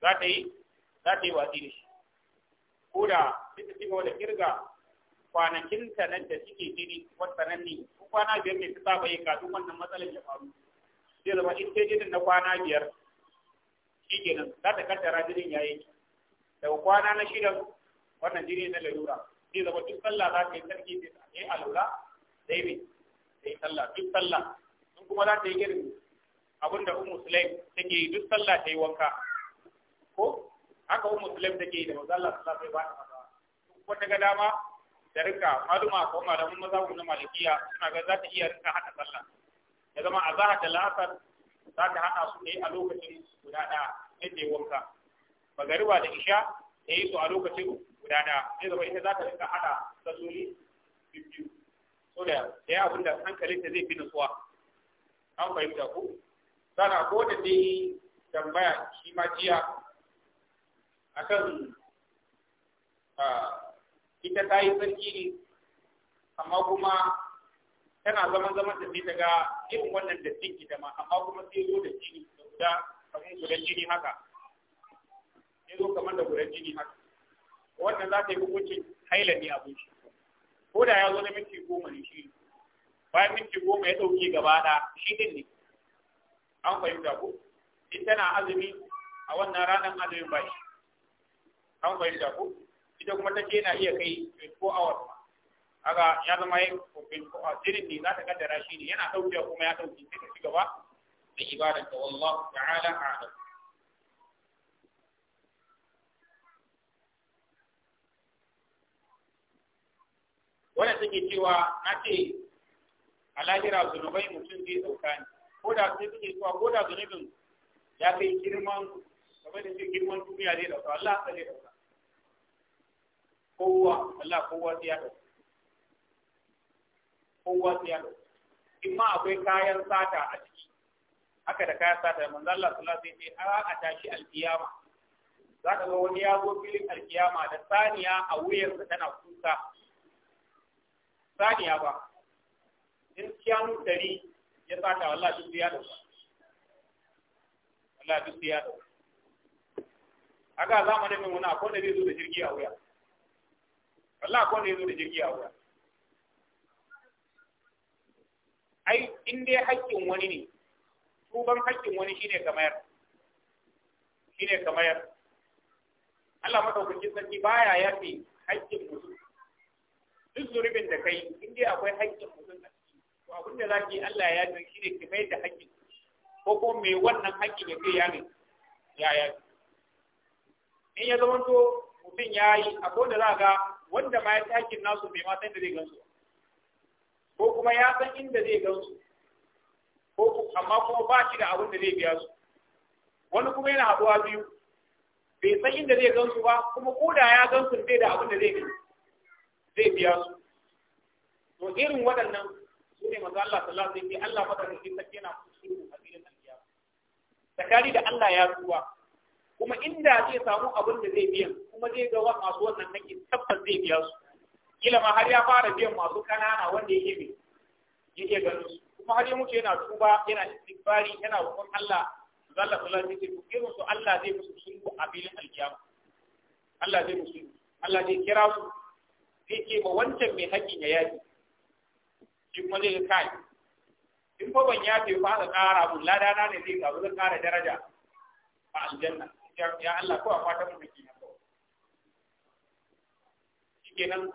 za ta yi za ta yi watsi da shi ko da duk da kirga kwanakin ta nan da suke jiri wata nan ne ko kwana biyar ne ta bai ka duk wannan matsalar ya faru zai zama in ta jirin na kwana biyar shi nan za ta kaddara jirin ya yi daga kwana na shidan, wannan jini na lalura zai zama duk sallah za ta yi sarki zai ta yi alura zai yi ta yi sallah duk sallah sun kuma za ta yi irin abin da umu sulaim take yi duk sallah ta yi wanka ko haka umu sulaim take yi da manzo Allah sallallahu alaihi wa sallam wata ga dama da rinka maluma ko malaman mazhabin na malikiya suna ga za ta iya rika hada sallah ya zama a zahar da la'asar za ta haɗa su ne a lokacin guda ɗaya ne ya wanka magariba da isha ya yi su a lokacin guda ɗaya zai zama ita za ta rinka haɗa salloli biyu so da ya abin da ta zai fi nutsuwa an fahimta ku sana ko da dai tambaya shi ma jiya akan ah, ita ta yi sarki ne amma kuma tana zaman zaman da ta ga irin wannan da tinki da ma amma kuma sai zo da jini da guda kamar gudan jini haka sai zo kamar da gudan jini haka wannan za ta yi hukuncin haila ne abin shi ko da ya zo na minti goma ne shi bayan minti goma ya ɗauke gaba da shi din ne an fahimta ko in tana azumi a wannan ranar azumin ba shi an fahimta ko ita kuma take na iya kai 24 hours ma aga ya zama ko a jirin ne za ta kaddara shi ne yana ɗauke kuma ya ɗauke sai ka ci gaba da ibadar da wallahu ta'ala a'lam wannan take cewa na ce a lahira zunubai mutum zai dauka ne ko da sai suke cewa ko da zunubin ya kai girman kamar da ce girman duniya zai ɗauka Allah zai dauka kowa Allah kowa sai ya dauka kowa sai ya dauka in ma akwai kayan sata a ciki haka da kayan sata manzo Allah sallallahu alaihi wasallam sai a tashi alkiyama za ka ga wani ya zo filin alkiyama da saniya a wuyarsa tana kuka saniya ba in kiyanu dari ya sata Allah duk ya dauka Allah duk ya dauka haka zamanin mun akwai da zai zo da jirgi a wuya wallahi akwai wanda ya zo da jirgi a wurin ai in dai haƙƙin wani ne tuban haƙƙin wani shine kamar shine kamar Allah madaukakin sarki baya yafi haƙƙin mutum duk zurubin da kai in dai akwai haƙƙin mutum a ciki to abin da zaki Allah ya yi shine ki mai da haƙƙin ko ko me wannan haƙƙin ya kai ya ne ya ya in ya zama to mutum ya yi akwai da za ga wanda ma ya takin nasu bai ma san da zai gansu ko kuma ya san inda zai gansu ko amma kuma ba shi da abin da zai biya su wani kuma yana haɗuwa biyu bai san inda zai gansu ba kuma ko da ya gansu bai da abin da zai zai biya su to irin waɗannan su ne manzo Allah sallallahu alaihi wasallam Allah madaukakin sarki yana kusuru a cikin alkiyama tsakani da Allah ya tuba kuma inda zai samu abin da zai su kuma zai ga masu wannan haƙƙin tabbas zai biya su kila ma har ya fara biyan masu kanana wanda yake bi yake ganin su kuma har ya mutu yana tuba yana istighfari yana roƙon Allah zalla sallallahu alaihi wasallam irin su Allah zai musu sulhu a filin alkiyama Allah zai musu Allah zai kira su zai ce ma wancan mai haƙƙin ya yaji shi kuma zai ga kai in fa ban yafe ba ka ƙara mun ladana ne zai ga zai ƙara daraja a aljanna ya Allah ko a fatan mu kiyama kenan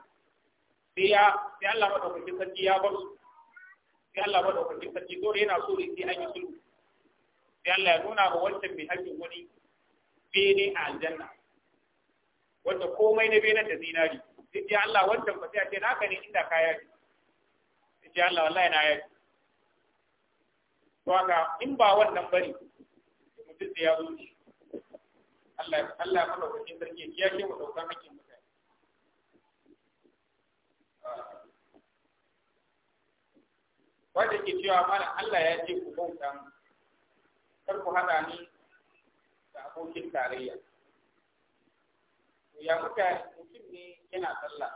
sai ya sai Allah madaukakin sarki ya bar su sai Allah madaukakin sarki dole yana so ne sai an yi sulhu sai Allah ya nuna ba wancan mai hakkin wani bene a aljanna wanda komai na benen da zinari sai ya Allah wancan ba sai a ce naka ne inda ka yaji sai ya Allah wallahi na yaji to haka in ba wannan bari mutum da ya zo shi Allah Allah madaukakin sarki ya ce mu dauka hakkin wanda ke cewa mana Allah ya ce ku bauta mu kar ku hada ni da abokin tarayya ya muka mutum ne yana sallah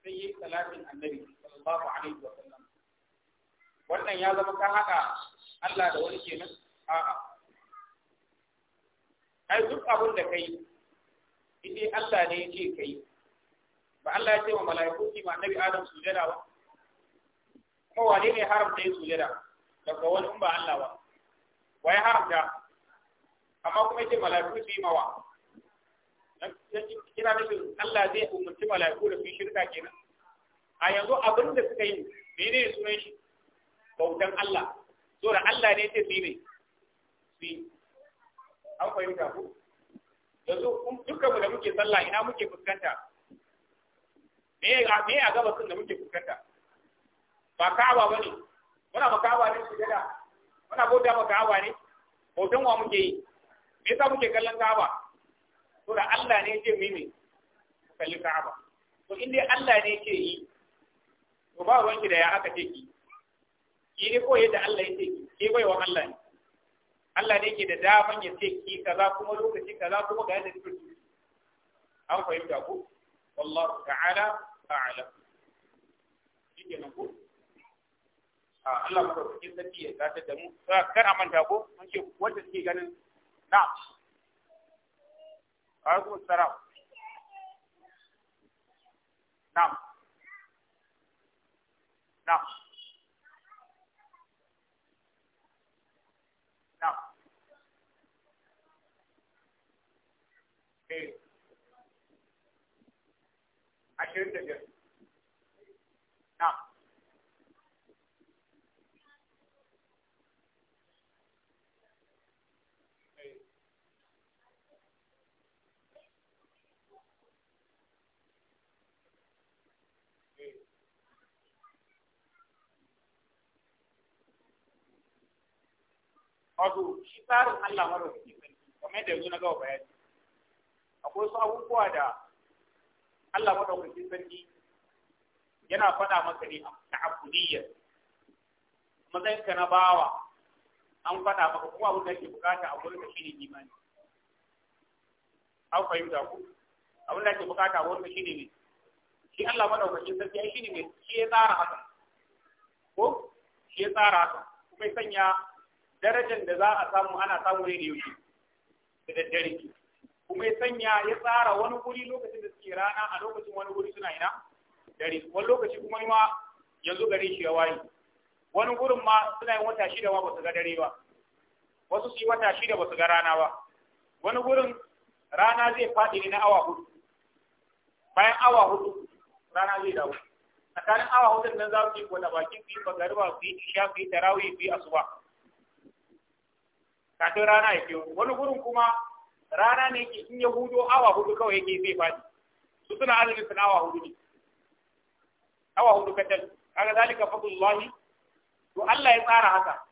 sai yi salatin annabi sallallahu alaihi wa sallam wannan ya zama ka hada Allah da wani kenan a'a Kai duk abin da kai idai Allah ne yake kai ba Allah ya ce wa mala'iku ki ma annabi Adam sujada wa kuma wane ne haramta da, da daga wani in ba Allah ba wa ya haramta amma kuma yake mala'iku su yi mawa kira nufin Allah zai umarci mala'iku da su shirka kenan a yanzu abin da suka yi ne ne sunan shi bautan Allah so da Allah ne ce su ne fi an fahimta ku yanzu dukkan mu da muke sallah ina muke fuskanta me a gaba sun da muke fuskanta ba ka'aba ba ne muna makawa ne shi da muna bauta makawa ne hoton wa muke yi me yasa muke kallon ka'aba to da Allah ne yake mimi kalli ka'aba to in dai Allah ne yake yi to ba wanki da ya aka ce ki ki ne ko yadda Allah yake ki ke wa Allah ne Allah ne yake da daman ya ce ki kaza kuma lokaci kaza kuma ga yadda kike an fahimta ku wallahu ta'ala a'lam nan ko? Allah ku ɗauki sarki ya zata da mu kar a manta ko mun ce wanda suke ganin na alaikum salam Na. Na. Na. eh ashirin da biyar wato shi tsarin Allah madaukaki ife kamar yadda yanzu na gawa bayani akwai wasu abubuwa da Allah madaukaki sarki yana faɗa maka ne a abudiyya matsayin ka na bawa an faɗa maka kuma abin da ke bukata a gurin da shine imani an fahimta ku abin da ke bukata a gurin da shine ne shi Allah madaukakin ife ai shine ne shi ya tsara haka ko shi ya tsara haka kuma ya sanya darajar da za a samu ana samu ne da yaushe da daddare kuma ya sanya ya tsara wani guri lokacin da suke rana a lokacin wani guri suna ina dare wani lokaci kuma ma yanzu gare shi ya waye wani gurin ma suna yin wata shida ma ba su ga dare ba wasu su yi wata shida ba su ga rana ba wani gurin rana zai faɗi ne na awa hudu bayan awa hudu rana zai dawo tsakanin awa hudun nan za su yi wata bakin su yi bagariba su yi isha su yi tarawih su yi asuba kafin rana ya kewo wani gurin kuma rana ne ke in ya hudo awa hudu kawai yake zai fadi su suna azumin suna awa hudu ne awa hudu kacal kaga zalika fadlullahi to Allah ya tsara haka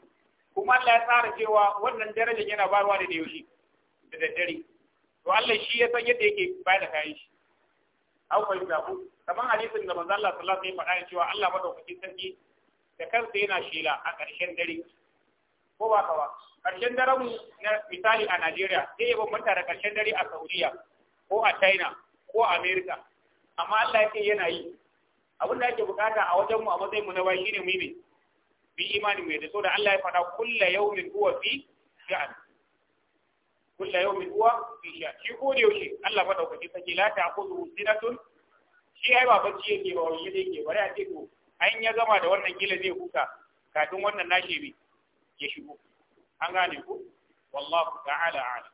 kuma Allah ya tsara cewa wannan darajar yana barwa da yaushe da daddare to Allah shi ya san yadda yake bayar da kayan shi aw fa yuzabu kaman hadisin da manzo Allah sallallahu alaihi wasallam ya faɗa cewa Allah madaukakin sarki da kansa yana shela a ƙarshen dare ko ba ka ba ƙarshen daren mu na misali a Najeriya sai ya bambanta da ƙarshen dare a Saudiya ko a China ko a America amma Allah ya ce yana yi abin da yake bukata a wajen mu a matsayin mu na bayi shine mu ne bi imani mu da so da Allah ya faɗa kullu yawmin huwa fi sha'an kullu yawmin huwa fi sha'an shi ko da yaushe Allah ko take la ta'khudhu sinatun shi ai ba bacci yake ba wani yake yake bari a ce to an ya gama da wannan gila zai huta kafin wannan nashi bi ya shigo حنانك والله تعالى عالم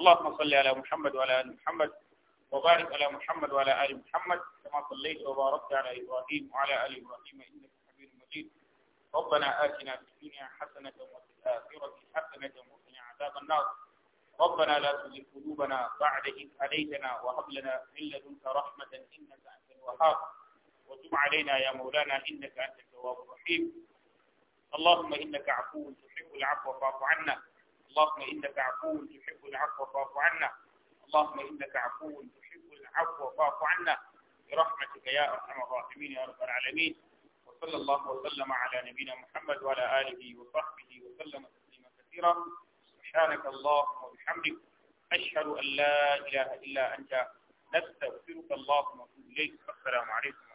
اللهم صل على محمد وعلى ال محمد وبارك على محمد وعلى ال محمد كما صليت وباركت على ابراهيم وعلى ال ابراهيم انك حميد مجيد ربنا اتنا في الدنيا حسنه وفي الاخره حسنه وقنا عذاب النار ربنا لا تزغ قلوبنا بعد إذ هديتنا وهب لنا من لدنك رحمه انك انت الوهاب وتب علينا يا مولانا انك انت التواب الرحيم اللهم إنك عفو تحب العفو فاعف عنا اللهم إنك عفو تحب العفو فاعف عنا اللهم إنك عفو تحب العفو فاعف عنا برحمتك يا أرحم الراحمين يا رب العالمين وصلى الله وسلم على نبينا محمد وعلى آله وصحبه وسلم تسليما كثيرا سبحانك اللهم وبحمدك أشهد أن لا إله إلا أنت نستغفرك اللهم وأتوب إليك السلام عليكم